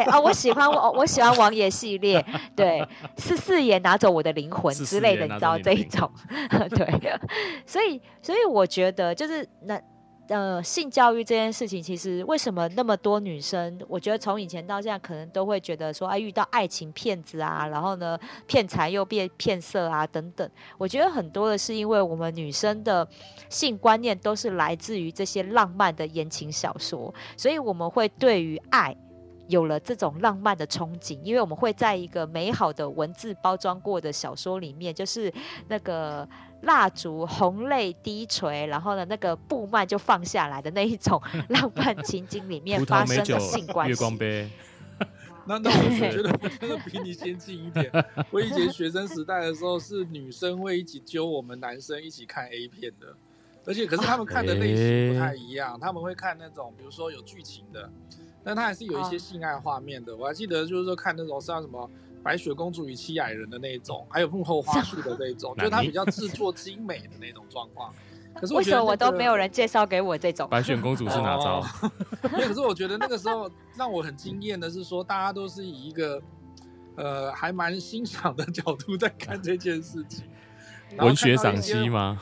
Speaker 2: 啊、哦，我喜歡 我我喜歡王爺系列，對，是 四爺拿走我的靈魂之類的，四爺拿走你的靈魂。你知道 這一種，對，所以所以我覺得就是那呃性教育這件事情，其實為什麼那麼多女生，我覺得從以前到現在，可能都會覺得說啊遇到愛情騙子啊，然後呢騙財又變騙色啊等等，我覺得很多的是因為我們女生的性觀念都是來自於這些浪漫的言情小說，所以我們會對於愛，有了這種浪漫的憧憬，因為我們會在一個美好的文字包裝過的小說裡面，就是那個蠟燭紅淚低垂，然後呢，那個布幔就放下來的那一種浪漫情景裡面發生的性關係。月光
Speaker 3: 杯。
Speaker 1: 哇 那那我，我覺得我真的比你先進一點。 我以前學生時代的時候是女生會一起揪我們男生一起看 A 片的，而且可是他們看的類型不太一樣，啊、他們會看那種比如說有劇情的。但他還是有一些性愛畫面的，Oh. 我還記得就是說看那種像什麼《白雪公主與七矮人》的那種，還有幕後花絮的那種，是就是它比較制作精美的那種狀況。 可是、那個、為什麼我都沒有人介紹
Speaker 2: 給我這種？白雪公主是哪招？Oh.
Speaker 1: 因為可是我覺得那個時候讓我很驚豔的是說， 大家都是以一個呃還蠻欣賞的角度在看這件事情，啊、文學賞析嗎？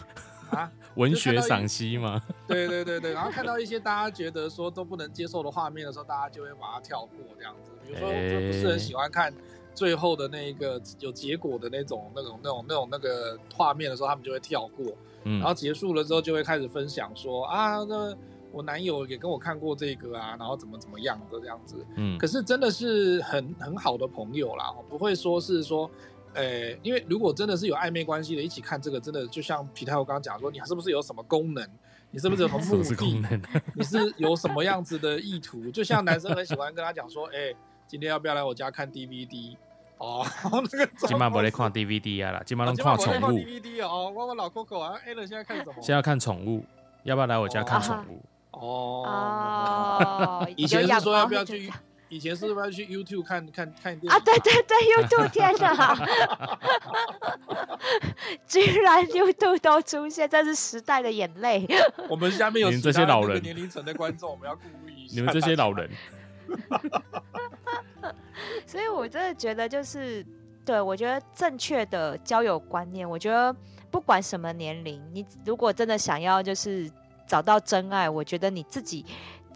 Speaker 3: 啊？就是、文學賞析嘛，
Speaker 1: 對對對對，然後看到一些大家覺得說都不能接受的畫面的時候，大家就會把它跳過這樣子。比如說，我就不是很喜歡看最後的那個有結果的那種、那種、那種、那種、那種、那個畫面的時候，他們就會跳過。嗯，然後結束了之後，就會開始分享說啊，那我男友也跟我看過這個啊，然後怎麼怎麼樣的這樣子。嗯，可是真的是很很好的朋友啦，我不會說是說。哎、欸，因為如果真的是有曖昧關係的，一起看這個，真的就像皮太我剛剛講說，你是不是有什麼功能？你是不是有什麼目的？你是有什麼樣子的意圖？ 就像男生很喜歡跟他講說，哎、欸，今天要不要來我家看 DVD？ 在在看 DVD 看哦，那個起碼不會
Speaker 3: 看 DVD 啊了，起碼能看寵物。
Speaker 1: 今天要 DVD 哦，我我老公哥啊 Alan 現在看什麼？現在
Speaker 3: 看寵物，要不要來我家看寵物？
Speaker 1: 哦，以前是說要不要去？以前是不是要去 YouTube 看看看啊？對對對，YouTube 天哪！ 居然 YouTube 都出現，這是時代的眼淚。 我們
Speaker 2: 下面有這些老人、年齡層的觀
Speaker 1: 眾，我們要顧慮一下你們這些老人，們你們這些老人 所以我真
Speaker 2: 的覺得，就是對，我覺得正確的交友觀念，我覺得不管什麼年齡，你如果真的想要就是找到真愛，我覺得你自己。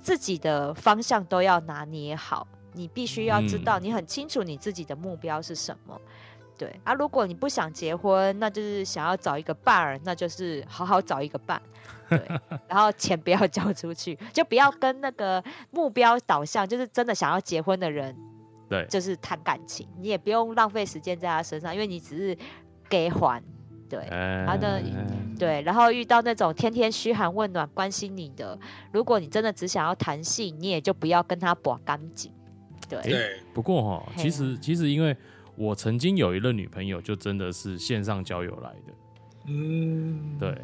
Speaker 2: 自己的方向都要拿捏好，你必須要知道，嗯，你很清楚你自己的目標是什麼，對。啊，如果你不想結婚，那就是想要找一個伴兒，那就是好好找一個伴，對。然後錢不要交出去， 就不要跟那個目標導向，就是真的想要結婚的人，對，就是談感情，你也不用浪費時間在他身上，因為你只是給還。對，然後呢？對，然後遇到那種天天噓寒問暖、關心你的，如果你真的只想要談性，你也就不要跟他博感情。對。欸、
Speaker 3: 不過哈、喔，其實、啊、其實因為我曾經有一任女朋友，就真的是線上交友來的。嗯，對。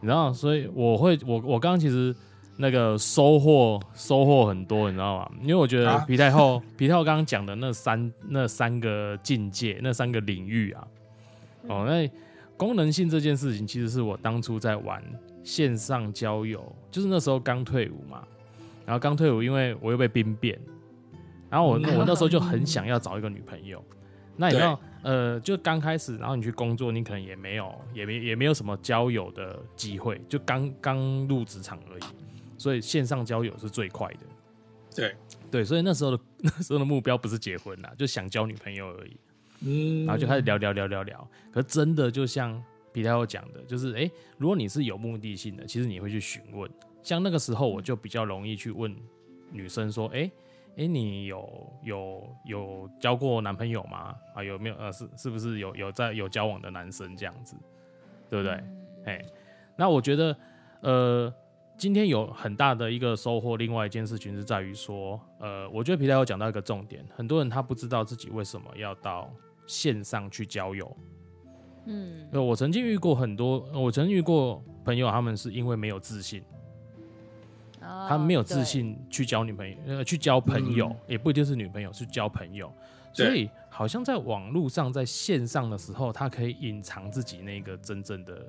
Speaker 3: 然後，所以我會我我剛剛其實那個收穫收穫很多、欸，你知道嗎？因為我覺得太、啊、皮太后皮太后剛剛講的那三那三個境界那三個領域啊，哦、嗯喔，那。功能性這件事情，其實是我當初在玩線上交友，就是那時候剛退伍嘛，然後剛退伍，因為我又被兵變，然後我我那時候就很想要找一個女朋友。那你知道，呃，就剛開始，然後你去工作，你可能也沒有，也沒也沒有什麼交友的機會，就剛剛入職場而已，所以線上交友是最快的。對對，所以那時候的那時候的目標不是結婚啦，就想交女朋友而已。嗯，然後就開始聊聊聊聊聊，可真的就像皮太后講的，就是哎、欸，如果你是有目的性的，其實你會去詢問。像那個時候，我就比較容易去問女生說，哎、欸，哎、欸，你有有有交過男朋友嗎？啊，有沒有？呃，是是不是有有在有交往的男生這樣子，對不對？哎、欸，那我覺得，呃，今天有很大的一個收穫。另外一件事情是在於說，呃，我覺得皮太后講到一個重點，很多人他不知道自己為什麼要到。線上去交友，嗯，我曾經遇過很多，我曾經遇過朋友，他們是因為沒有自信，
Speaker 5: 哦、他們沒有自
Speaker 3: 信去交女朋友，呃，去交朋友、嗯、也不一定是女朋友，是交朋友，所以好像在網路上，在線上的時候，他可以隱藏自己那個真正的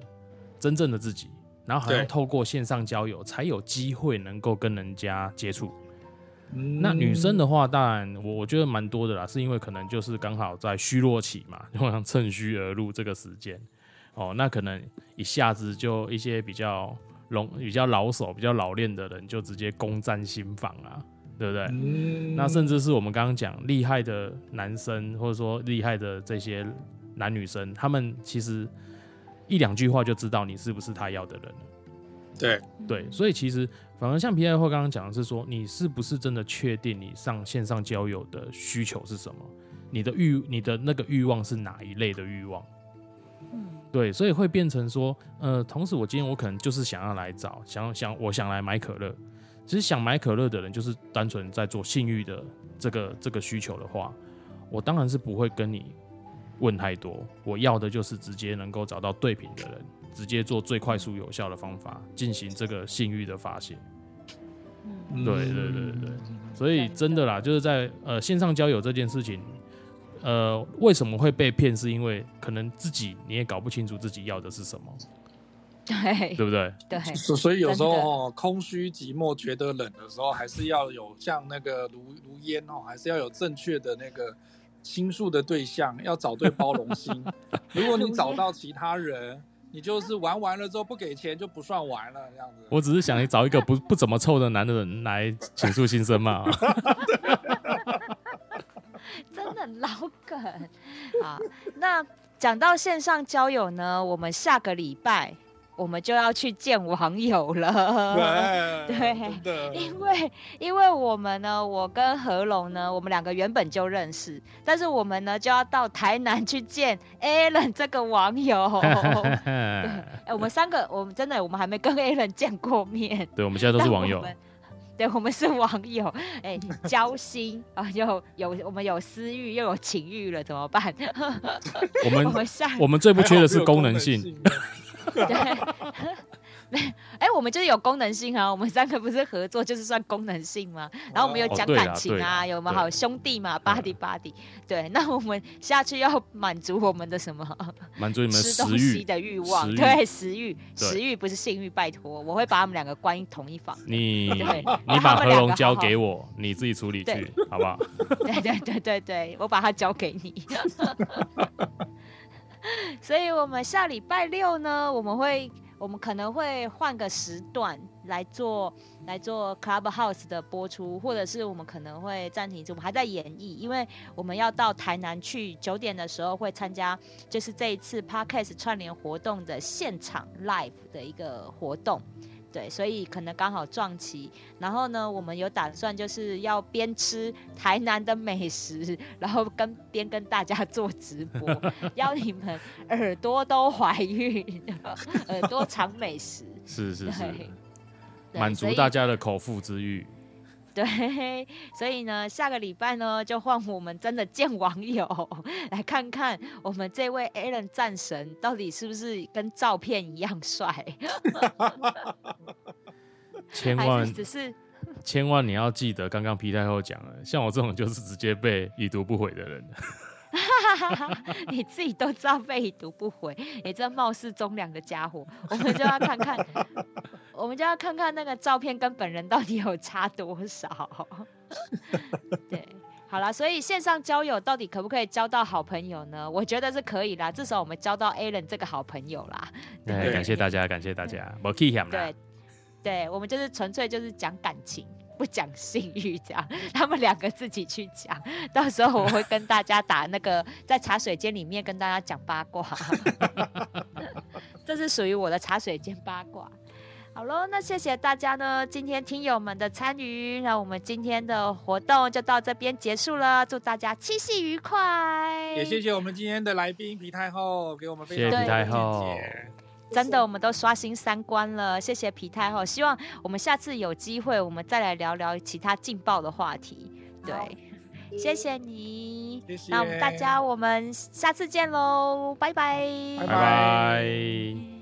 Speaker 3: 真正的自己，然後好像透過線上交友才有機會能夠跟人家接觸。那女生的話，當然我我覺得蠻多的啦，是因為可能就是剛好在虛弱期嘛，就好像趁虛而入這個時間，哦，那可能一下子就一些比較老、比較老手、比較老練的人就直接攻佔心房啊，對不對？嗯、那甚至是我們剛剛講厲害的男生，或者說厲害的這些男女生，他們其實一兩句話就知道你是不是他要的人。對對，所以其實反而像皮太后剛剛講的是說，你是不是真的確定你上線上交友的需求是什麼？你的欲，你的那個欲望是哪一類的欲望？嗯，對，所以會變成說，呃，同時我今天我可能就是想要來找，想想我想來買可樂，其實想買可樂的人就是單純在做性慾的這個這個需求的話，我當然是不會跟你問太多，我要的就是直接能夠找到對品的人。直接做最快速有效的方法進行這個性慾的發泄。嗯，對對對對，對、嗯，所以真的啦，的就是在呃線上交友這件事情，呃為什麼會被騙？是因為可能自己你也搞不清楚自己要的是什麼，
Speaker 2: 對，對不對？
Speaker 1: 對，對。所以有時候、喔、空虛寂寞覺得冷的時候，還是要有像那個如如煙哦，還是要有正確的那個傾訴的對象， 要找對包容心。 如果你找到其他人， 你就是玩完了之後不給錢就不算玩了這樣子。
Speaker 3: 我只是想找一個不 不，不怎麼臭的男的人來
Speaker 2: 傾訴心聲嘛。
Speaker 1: 真的老
Speaker 2: 梗啊！那講到線上交友呢，我們下個禮拜。我們就要去見網友了，對，因為因為我們呢，我跟和龍呢，我們兩個原本就認識，但是我們呢就要到台南去見 Alan 這個網友，哎， 我們三個，我們真的我們還沒跟 Alan 見過面，對，我們現在都是網友。我們是網友，哎、欸，交心啊，又有我們有私欲，又有情欲了，怎麼辦？ 我們我們 我們最不缺的是功能
Speaker 3: 性。 對
Speaker 2: 哎、 欸，我們就是有功能性啊！我們三個不是合作就是算功能性嗎？Wow. 然後我們有講感情啊，oh, 有我們好兄弟嘛、嗯、，buddy buddy 對，那我們下去要滿足我們的什麼？滿
Speaker 3: 足你們的食欲的欲望，對，
Speaker 2: 食欲，食欲不是性欲，拜托，我會把他們兩個關於同一房。
Speaker 3: 你，對你把和龍交給我， 你自己處理去， 好不
Speaker 2: 好？對對對對對，我把它交給你。 所以，我們下禮拜六呢，我們會。我們可能會換個時段來做來做 Clubhouse 的播出，或者是我們可能會暫停一次，我們還在演繹，因為我們要到台南去，九點的時候會參加，就是這一次 Podcast 串聯活動的現場 Live 的一個活動。對，所以可能剛好撞期。然後呢，我們有打算就是要邊吃台南的美食，然後跟邊跟大家做直播，要 你們耳朵都懷孕， 耳朵嘗美食，
Speaker 3: 是是是，
Speaker 2: 滿足大家
Speaker 3: 的口腹之慾。
Speaker 2: 對，所以呢，下個禮拜呢，就換我們真的見網友，來看看我們這位 Alan 戰神到底是不是跟照片一樣帥。
Speaker 3: 千萬是只是，千萬你要記得，剛剛皮太后講了，像我這種就是直接被已讀不回的人。
Speaker 2: 你自己都知道被已讀不回，你這貌似忠良的傢伙，我們就要看看， 我們就要看看那個照片跟本人到底有差多少。 對，好了，所以線上交友到底可不可以交到好朋友呢？我覺得是可以啦，至少我們交到 Alan 這個好朋友啦。對，對，對，對，
Speaker 3: 感謝大家，感謝大家。對，對
Speaker 2: 我們就是純粹就是講感情。不講信譽，講他們兩個自己去講。到時候我會跟大家打那個在茶水間裡面跟大家講八卦， 這是屬於我的茶水間八卦。好嘍，那謝謝大家呢，今天聽友們的參與，那我們今天的活動就到這邊結束了。祝大家七夕愉快，也謝謝我
Speaker 1: 們今天的來賓皮太后給我們非常，謝謝皮太後。真的，
Speaker 2: 我們都刷新三觀了，謝謝皮太後。希望我們下次有機會，我們再來聊聊其他勁爆的話題。對 謝謝，謝謝你。那我們大家，我們下次見嘍，拜拜，拜拜。Bye
Speaker 3: bye